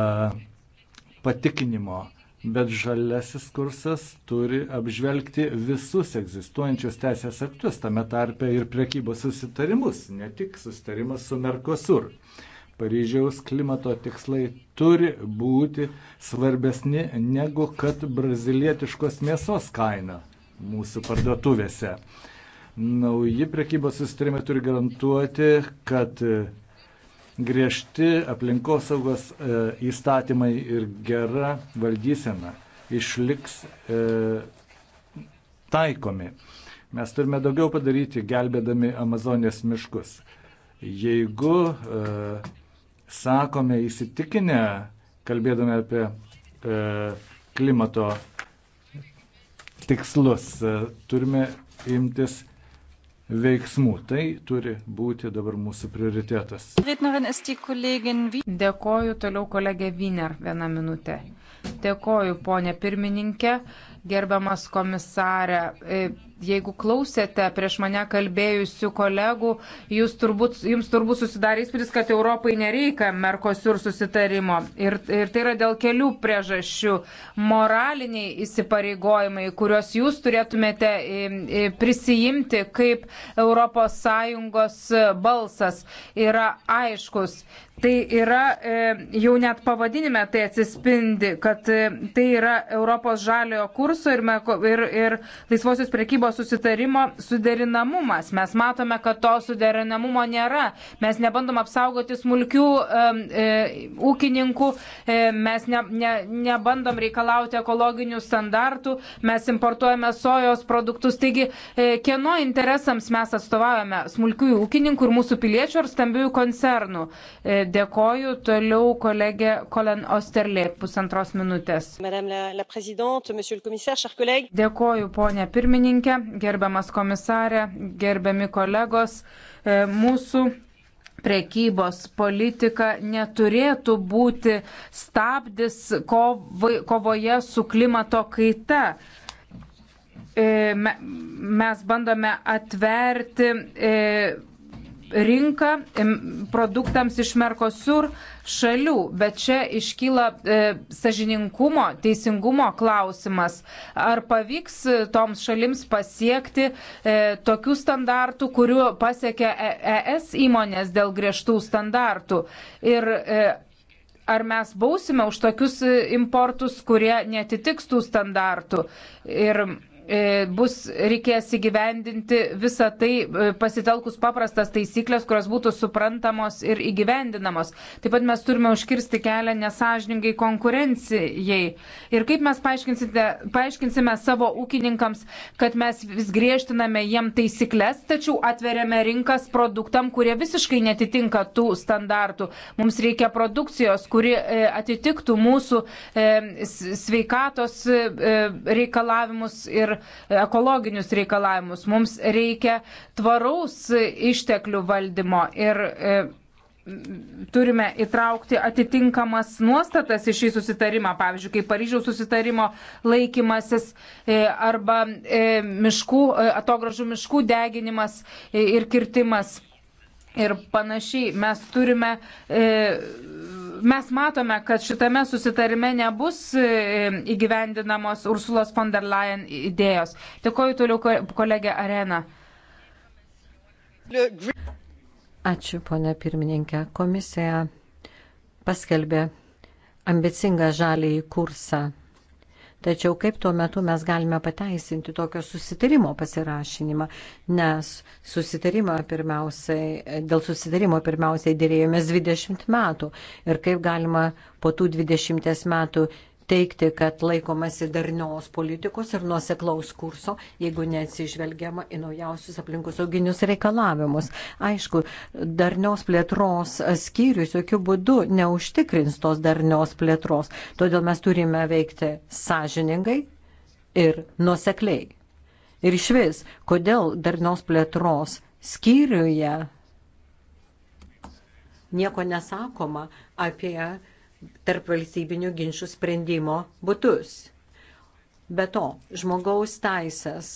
patikinimo. Bet žalesis kursas turi apžvelgti visus egzistuojančius teisės aktus, tame tarpe ir priekybos susitarimus, ne tik susitarimas su Merkosur. A, Paryžiaus klimato tikslai turi būti svarbesni negu kad brazilietiškos mėsos kaina mūsų parduotuvėse. Nauji prekybos susitarimai turi garantuoti, kad griežti aplinkosaugos e, įstatymai ir gera valdysena išliks e, taikomi. Mes turime daugiau padaryti, gelbėdami Amazonės miškus. Jeigu uh, sakome įsitikinę, kalbėdami apie e, klimato tikslus, e, turime imtis veiksmų. Tai turi būti dabar mūsų prioritetas. Dėkoju toliau kolegė Viner vieną minutę. Dėkoju, ponė pirmininkė, gerbiamas komisarė. E, Jeigu klausėte prieš mane kalbėjusių kolegų, jūs turbūt, jums turbūt susidarė įspūdis, kad Europai nereikia Merkosur susitarimo. Ir, ir tai yra dėl kelių priežasčių. Moraliniai įsipareigojimai, kuriuos jūs turėtumėte e, prisijimti kaip ES balsas, yra aiškus. Tai yra, e, jau net pavadinime tai atsispindi, kad e, tai yra Europos žaliojo kurso ir, ir, ir laisvosios prekybos prekybos susitarimo suderinamumas. Mes matome, kad to suderinamumo nėra. Mes nebandom apsaugoti smulkių e, e, ūkininkų, e, mes ne, ne, nebandom reikalauti ekologinių standartų, mes importuojame sojos produktus. Taigi, e, kieno interesams mes atstovaujame? Smulkių ūkininkų ir mūsų piliečių ar stambiųjų koncernų? E, dėkoju. Toliau kolegė Kolen Osterlė, pusantros minutės. Dėkoju, ponė pirmininkė gerbiamas komisarė, gerbiami kolegos, e, mūsų prekybos politika neturėtų būti stabdis kovoje su klimato kaita e, mes bandome atverti e, rinką produktams iš Merkosur šalių, bet čia iškyla e, sažininkumo, teisingumo klausimas. Ar pavyks e, toms šalims pasiekti e, tokių standartų, kuriuo pasiekia ES e įmonės dėl griežtų standartų? Ir, e, Ar mes bausime už tokius e, importus, kurie netitiks tų standartų? Ir E, bus reikės įgyvendinti visą tai e, pasitelkus paprastas taisyklės, kurios būtų suprantamos ir įgyvendinamos. Taip pat mes turime užkirsti kelią nesažiningai konkurencijai. Ir kaip mes paaiškinsime savo ūkininkams, kad mes vis griežtiname jiem taisyklės, tačiau atveriame rinkas produktam, kurie visiškai netitinka tų standartų. Mums reikia produkcijos, kuri e, atitiktų mūsų sveikatos reikalavimus ir ekologinius reikalavimus. Mums reikia tvaraus išteklių valdymo ir e, turime įtraukti atitinkamas nuostatas į šį susitarimą, pavyzdžiui, kaip Paryžiaus susitarimo laikymasis e, arba e, miškų, atogražų miškų deginimas ir kirtimas. Ir panašiai mes turime e, mes matome, kad šitame susitarime nebus e, įgyvendinamos Ursulos von der Leyen idėjos. Dėkoju toliau kolegė Arena. Ačiū, ponė pirmininkė. Komisija paskelbė ambicingą žalį į kursą Tačiau kaip tuo metu mes galime pateisinti tokio susitarimo pasirašinimą, nes susitarimo pirmiausiai, dėl susitarimo pirmiausiai dėrėjomės 20 metų ir kaip galima po tų 20 metų teikti, kad laikomasi darnios politikos ir nuoseklaus kurso, jeigu neatsižvelgiama į naujausius aplinkosauginius reikalavimus. Aišku, darnios plėtros skyrius jokių būdų neužtikrins tos darnios plėtros, todėl mes turime veikti sąžiningai ir nuosekliai. Ir iš vis, kodėl darnios plėtros skyriuje nieko nesakoma apie tarp valstybinių ginčių sprendimo būtus. Be to, žmogaus teisės.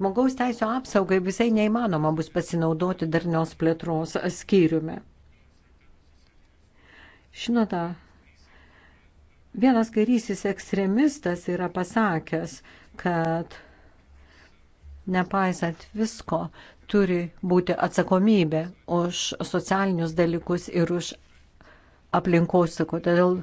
Žmogaus teisų apsaugai visai neįmanoma bus pasinaudoti darnios plėtros skyriumi. Žinote, vienas kairysis ekstremistas yra pasakęs, kad nepaisant visko, turi būti atsakomybė už socialinius dalykus ir už aplinkosikų. Todėl,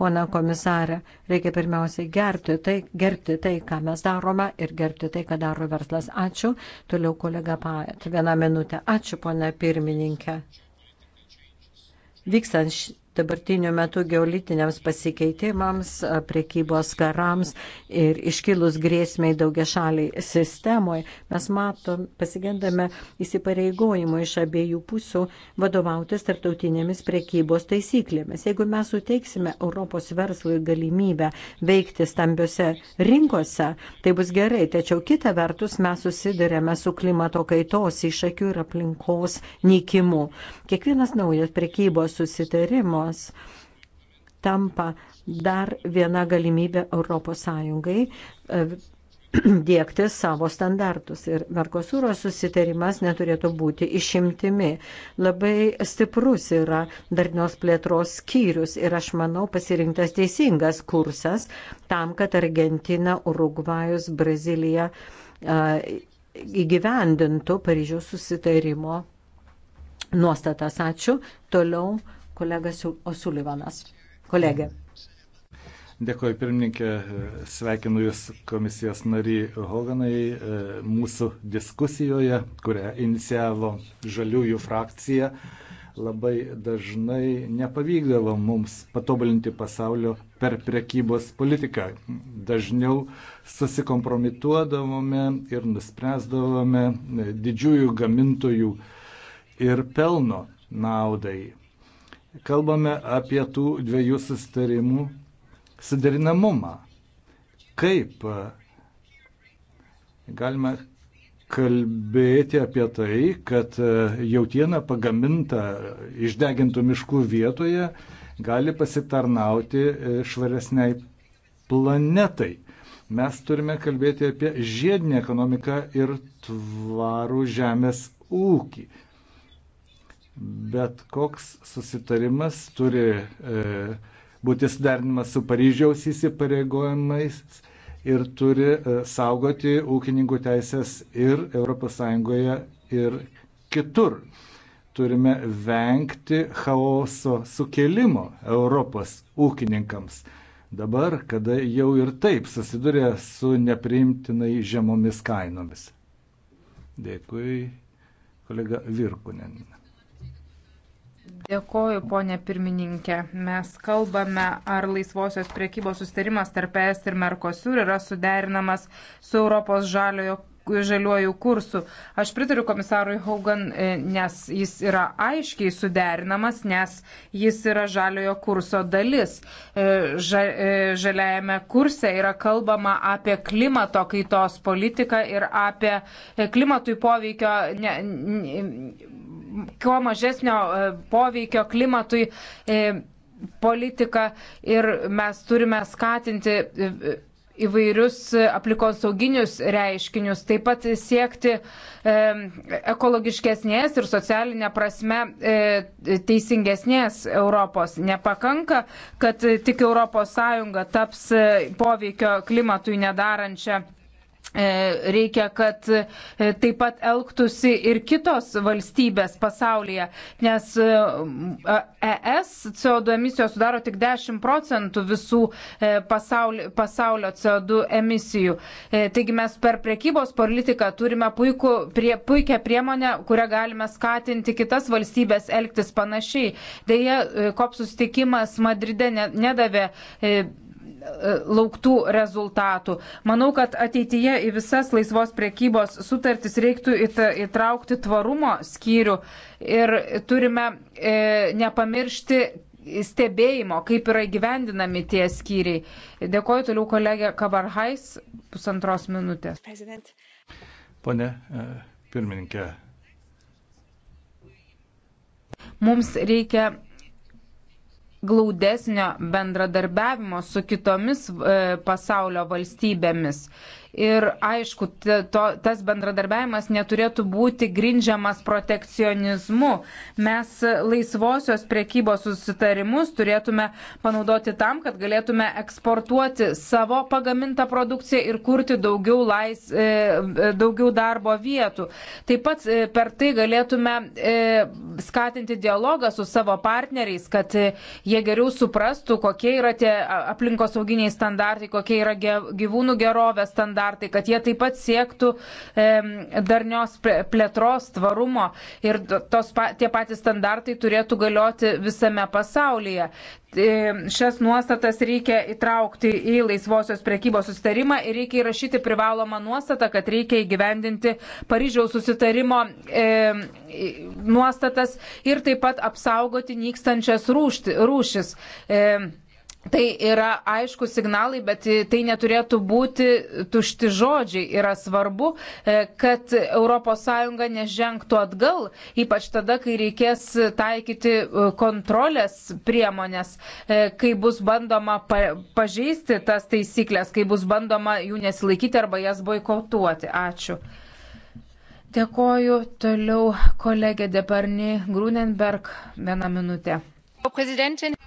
pona komisarė, reikia pirmiausiai gerbti tai, gerbti tai, ką mes darome ir gerbti tai, ką daro verslas. Ačiū. Toliau kolega Paet. Vieną minutę. Ačiū, pona pirmininkė. Vykstant dabartiniu metu geolitiniams pasikeitimams, priekybos karams ir iškilus grėsmiai daugia šaliai sistemoje, mes matom, pasigendame įsipareigojimo iš abiejų pusių vadovautis tarptautinėmis priekybos taisyklėmis. Jeigu mes suteiksime Europos verslui galimybę veikti stambiose rinkose, tai bus gerai, tačiau kita vertus mes susidurėme su klimato kaitos išakių ir aplinkos nykimu. Kiekvienas naujas priekybos susitarimo dienos tampa dar viena galimybė Europos Sąjungai e, dėkti savo standartus. Ir Merkosūro susitarimas neturėtų būti išimtimi. Labai stiprus yra darnios plėtros skyrius ir aš manau pasirinktas teisingas kursas tam, kad Argentina, Urugvajus, Brazilija e, įgyvendintų Paryžiaus susitarimo nuostatas. Ačiū. Toliau kolega Osulivanas. Kolegė. Dėkuoju pirmininkė, sveikinu Jūs komisijos nary Hoganai e, mūsų diskusijoje, kurią inicijavo žaliųjų frakcija. Labai dažnai nepavykdavo mums patobulinti pasaulio per prekybos politiką. Dažniau susikompromituodavome ir nuspręsdavome e, didžiųjų gamintojų ir pelno naudai kalbame apie tų dviejų sustarimų suderinamumą. Kaip e, galima kalbėti apie tai, kad e, jautiena pagaminta išdegintų miškų vietoje gali pasitarnauti e, švaresniai planetai. Mes turime kalbėti apie žiedinę ekonomiką ir tvarų žemės ūkį bet koks susitarimas turi e, būti sudarinimas su Paryžiaus įsipareigojimais ir turi e, saugoti ūkininkų teisės ir ES ir kitur. Turime vengti chaoso sukėlimo Europos ūkininkams. Dabar, kada jau ir taip susiduria su nepriimtinai žemomis kainomis. Dėkui, kolega Virkunenin. Dėkoju, ponė pirmininkė. Mes kalbame, ar laisvosios priekybos sustarimas tarp ES ir Merkosur yra suderinamas su Europos žaliojo žaliuoju kursu. Aš pritariu komisarui Haugan, e, nes jis yra aiškiai suderinamas, nes jis yra žaliojo kurso dalis. E, ža, e, žaliajame kurse yra kalbama apie klimato kaitos politiką ir apie klimatui poveikio. Ne, ne, kuo mažesnio poveikio klimatui politiką ir mes turime skatinti įvairius aplikosauginius reiškinius, taip pat siekti e, ekologiškesnės ir socialinė prasme e, teisingesnės Europos. Nepakanka, kad tik ES taps e, poveikio klimatui nedarančią E, reikia, kad e, taip pat elgtųsi ir kitos valstybės pasaulyje, nes ES e CO2 emisijos sudaro tik 10 procentų visų pasaulio, pasaulio CO2 emisijų. Taigi mes per prekybos politiką turime puikų, prie, puikią priemonę, kurią galime skatinti kitas valstybės elgtis panašiai. Deja, COP susitikimas Madride nedavė lauktų rezultatų. Manau, kad ateityje į visas laisvos priekybos sutartis reiktų įtraukti tvarumo skyrių ir turime e, nepamiršti stebėjimo, kaip yra įgyvendinami tie skyriai. Dėkoju toliau kolegė Kabarhais, pusantros minutės. Pone e, pirmininkė. Mums reikia glaudesnio bendradarbiavimo su kitomis e, pasaulio valstybėmis. Ir aišku, to, tas bendradarbiavimas neturėtų būti grindžiamas protekcionizmu. Mes laisvosios priekybos susitarimus turėtume panaudoti tam, kad galėtume eksportuoti savo pagamintą produkciją ir kurti daugiau, lais, e, e, daugiau darbo vietų. Taip pat e, per tai galėtume skatinti dialogą su savo partneriais, kad jie geriau suprastų, kokie yra tie aplinkosauginiai standartai, kokie yra gyvūnų gerovės standartai standartai, kad jie taip pat siektų e, darnios plėtros, tvarumo ir tos, tie patys standartai turėtų galioti visame pasaulyje šias nuostatas reikia įtraukti į laisvosios prekybos susitarimą ir reikia įrašyti privalomą nuostatą, kad reikia įgyvendinti Paryžiaus susitarimo e, nuostatas ir taip pat apsaugoti nykstančias rūštis. E, Tai yra aišku signalai, bet tai neturėtų būti tušti žodžiai. Yra svarbu, e, kad ES nežengtų atgal, ypač tada, kai reikės taikyti e, kontrolės priemonės, e, kai bus bandoma pažeisti tas taisyklės, kai bus bandoma jų nesilaikyti arba jas boikotuoti. Ačiū. Dėkoju. Toliau kolegė Deparni Grunenberg. Vieną minutę.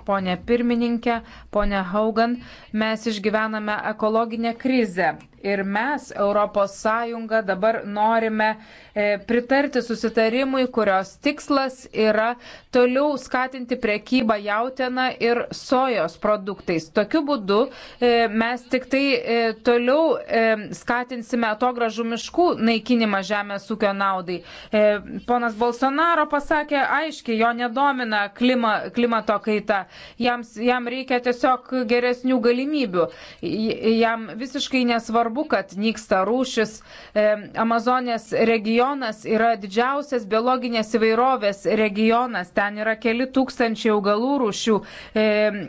Pone pirmininkė, pone Haugan, mes išgyvename ekologinę krizę. Ir mes, ES, dabar norime e, pritarti susitarimui, kurios tikslas yra toliau skatinti priekybą jautieną ir sojos produktais. Tokiu būdu e, mes tik tai e, toliau skatinsime atogražų miškų naikinimą žemės ūkio naudai. Ponas Bolsonaro pasakė aiškiai, jo nedomina klima, klimato kaita. Jam, jam reikia tiesiog geresnių galimybių. Jam visiškai nesvarbu svarbu, kad nyksta rūšis. E, Amazonės regionas yra didžiausias biologinės įvairovės regionas. Ten yra keli tūkstančiai augalų rūšių e,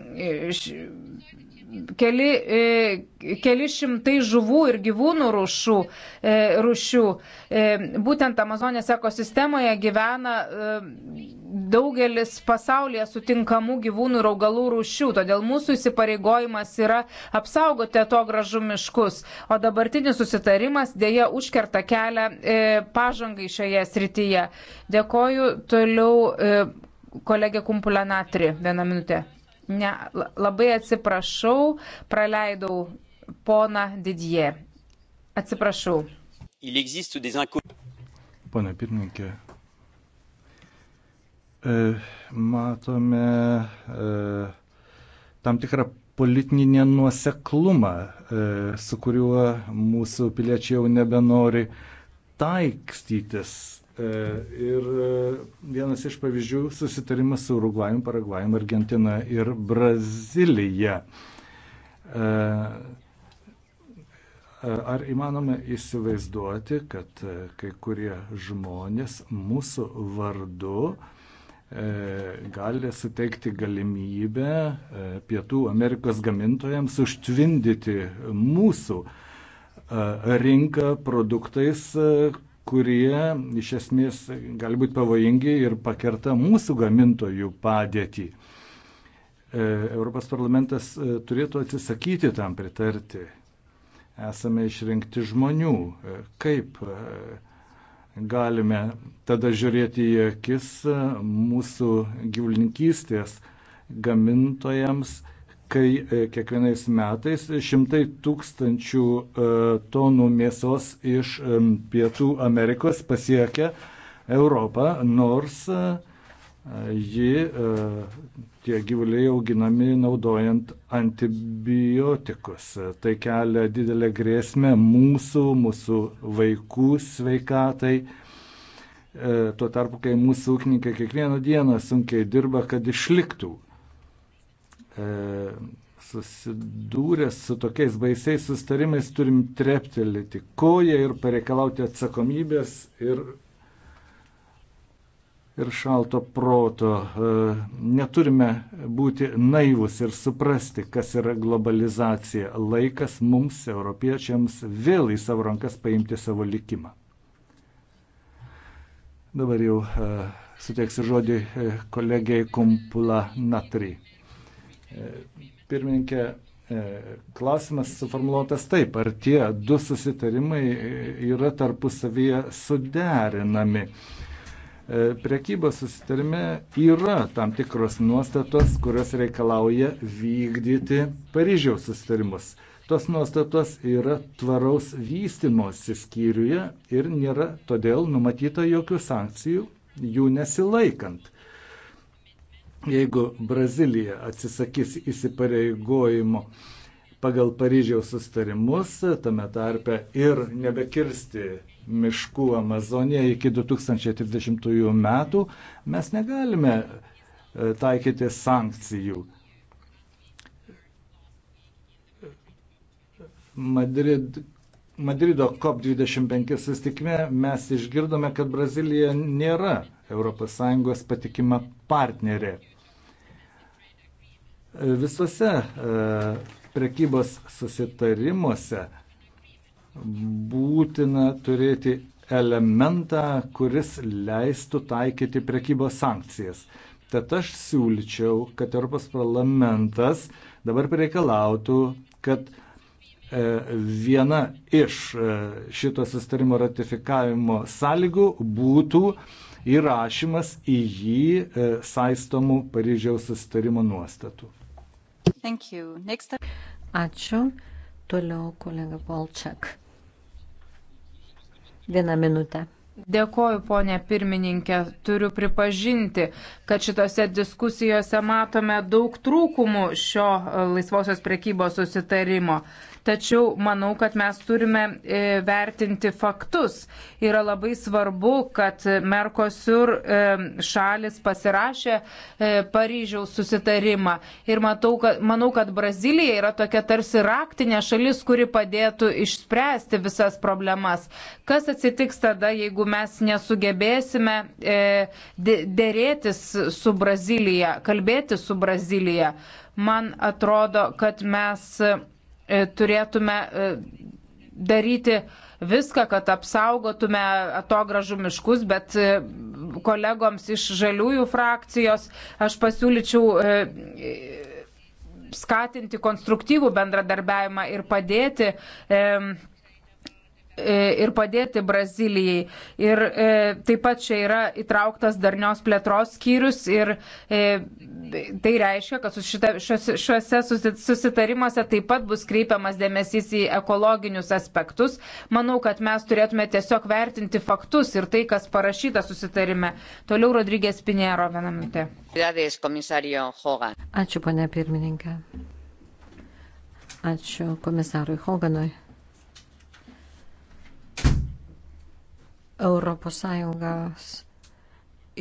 keli, e, keli šimtai žuvų ir gyvūnų rūšų, rūšių. Būtent Amazonės ekosistemoje gyvena daugelis pasaulyje sutinkamų gyvūnų ir augalų rūšių. Todėl mūsų įsipareigojimas yra apsaugoti to gražų miškus. O dabartinis susitarimas dėja užkerta kelią e, pažangai šioje srityje. Dėkoju toliau e, kolegė Kumpulanatri. Vieną minutę. Ne, labai atsiprašau, praleidau poną Didie. Atsiprašau. Pone pirmininkė, E, matome e, tam tikrą politinį nenuoseklumą, e, su kuriuo mūsų piliečiai jau nebenori taikstytis. Ir vienas iš pavyzdžių - susitarimas su Urugvajum, Paragvajum, Argentina ir Brazilija. Ar įmanome įsivaizduoti, kad kai kurie žmonės mūsų vardu uh, E, gali suteikti galimybę e, Pietų Amerikos gamintojams užtvindyti mūsų e, rinką produktais, kurie iš esmės gali būti pavojingi ir pakerta mūsų gamintojų padėtį. Europos parlamentas turėtų atsisakyti tam pritarti. Esame išrinkti žmonių. Kaip galime tada žiūrėti į akis mūsų gyvulinkystės gamintojams, kai e, kiekvienais metais šimtai tūkstančių e, tonų mėsos iš Pietų Amerikos pasiekia Europą, nors uh, ji, e, tie gyvuliai auginami naudojant antibiotikus. Tai kelia didelę grėsmę mūsų, mūsų vaikų sveikatai. E, tuo tarpu, kai mūsų ūkininkai kiekvieną dieną sunkiai dirba, kad išliktų. E, Susidūręs su tokiais baisiais sustarimais turim treptelėti koją ir pareikalauti atsakomybės ir ir šalto proto. E, neturime būti naivus ir suprasti, kas yra globalizacija. Laikas mums, europiečiams, vėl į savo rankas paimti savo likimą. Dabar jau e, suteiksiu žodį e, kolegijai Kumpula Natri. Pirmininkė, klausimas suformuoluotas taip, ar tie du susitarimai yra tarpusavyje suderinami. E, Prekybos susitarime yra tam tikros nuostatos, kurios reikalauja vykdyti Paryžiaus susitarimus. Tos nuostatos yra tvaraus vystimosi skyriuje ir nėra todėl numatyta jokių sankcijų jų nesilaikant. Jeigu Brazilija atsisakys įsipareigojimo pagal Paryžiaus sustarimus, tame tarpe ir nebekirsti miškų Amazonėje iki 2030 metų, mes negalime e, taikyti sankcijų. Madrid, Madrido COP25 sustikime mes išgirdome, kad Brazilija nėra ES patikima partnerė. Visose e, prekybos susitarimuose būtina turėti elementą, kuris leistų taikyti prekybos sankcijas. Tad aš siūlyčiau, kad Europos parlamentas dabar pareikalautų, kad e, viena iš e, šito sustarimo ratifikavimo sąlygų būtų įrašymas į jį e, saistomų Paryžiaus sustarimo nuostatų. Next... Ačiū. Toliau kolega Volčiak. Vieną minutę. Dėkoju, ponė pirmininkė. Turiu pripažinti, kad šitose diskusijose matome daug trūkumų šio laisvosios prekybos susitarimo tačiau manau, kad mes turime e, vertinti faktus. Yra labai svarbu, kad Merkosur e, šalis pasirašė e, Paryžiaus susitarimą. Ir matau, kad, manau, kad Brazilija yra tokia tarsi raktinė šalis, kuri padėtų išspręsti visas problemas. Kas atsitiks tada, jeigu mes nesugebėsime dėrėtis su Brazilija, kalbėti su Brazilija? Man atrodo, kad mes E, turėtume e, daryti viską, kad apsaugotume atogražų miškus, bet e, kolegoms iš žaliųjų frakcijos aš pasiūlyčiau skatinti konstruktyvų bendradarbiavimą ir padėti E, ir padėti Brazilijai. Ir e, taip pat čia yra įtrauktas darnios plėtros skyrius ir e, tai reiškia, kad su šita, šiuose, šiuose susitarimuose taip pat bus kreipiamas dėmesys į ekologinius aspektus. Manau, kad mes turėtume tiesiog vertinti faktus ir tai, kas parašyta susitarime. Toliau Rodrygės Pinėro vieną minutę. Ačiū, ponia pirmininkė. Ačiū komisarui Hoganui. ES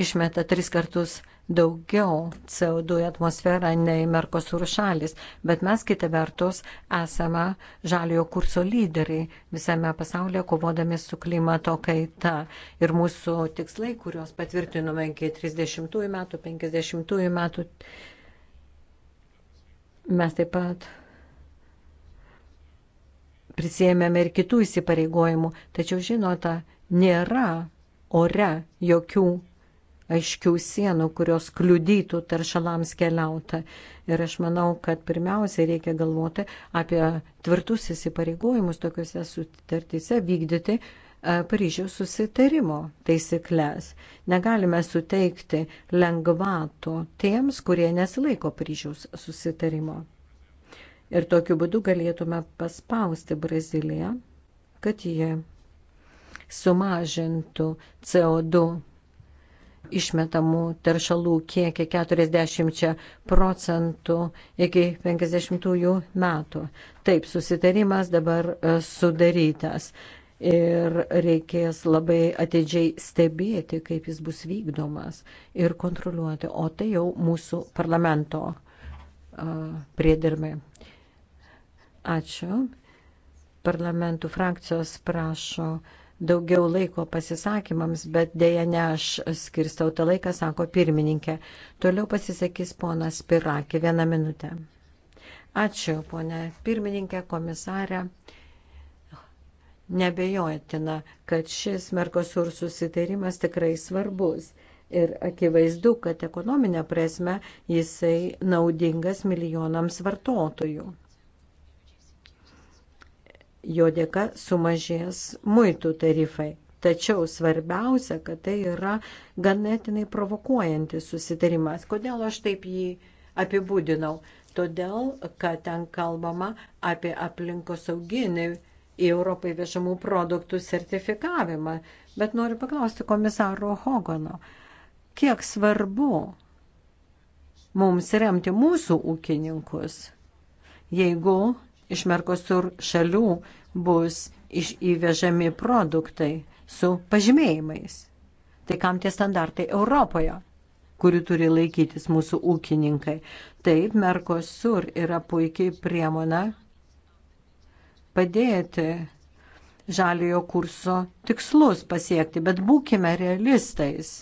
išmeta tris kartus daugiau CO2 į atmosferą nei Merkosur šalis, bet mes kitą vertus esame žaliojo kurso lyderiai visame pasaulyje, kovodami su klimato kaita. Ir mūsų tikslai, kuriuos patvirtinome iki 30 metų, 50 metų, mes taip pat prisėmėme ir kitų įsipareigojimų. Tačiau žinote, nėra ore jokių aiškių sienų, kurios kliudytų taršalams keliauti. Ir aš manau, kad pirmiausia reikia galvoti apie tvirtus įsipareigojimus tokiuose sutartyse vykdyti e, Paryžiaus susitarimo taisyklės. Negalime suteikti lengvato tiems, kurie nesilaiko Paryžiaus susitarimo. Ir tokiu būdu galėtume paspausti Braziliją, kad jie sumažintų CO2 išmetamų teršalų kiekį 40 procentų iki 50 metų. Taip, susitarimas dabar e, sudarytas ir reikės labai atidžiai stebėti, kaip jis bus vykdomas ir kontroliuoti, o tai jau mūsų parlamento e, priedirbė. Ačiū. Parlamentų frakcijos prašo daugiau laiko pasisakymams, bet dėja ne aš skirstau tą laiką, sako pirmininkė. Toliau pasisakys ponas Piraki vieną minutę. Ačiū, ponė pirmininkė, komisarė. Nebejotina, kad šis Merkosur susitarimas tikrai svarbus. Ir akivaizdu, kad ekonominė prasme jisai naudingas milijonams vartotojų jo dėka sumažės muitų tarifai. Tačiau svarbiausia, kad tai yra ganėtinai provokuojantis susitarimas. Kodėl aš taip jį apibūdinau? Todėl, kad ten kalbama apie aplinkosauginį į Europai vežamų produktų sertifikavimą. Bet noriu paklausti komisaro Hogano, kiek svarbu mums remti mūsų ūkininkus, jeigu iš Merkosur šalių bus iš įvežami produktai su pažymėjimais. Tai kam tie standartai Europoje, kurių turi laikytis mūsų ūkininkai? Taip, Merkosur yra puikiai priemona padėti žaliojo kurso tikslus pasiekti, bet būkime realistais.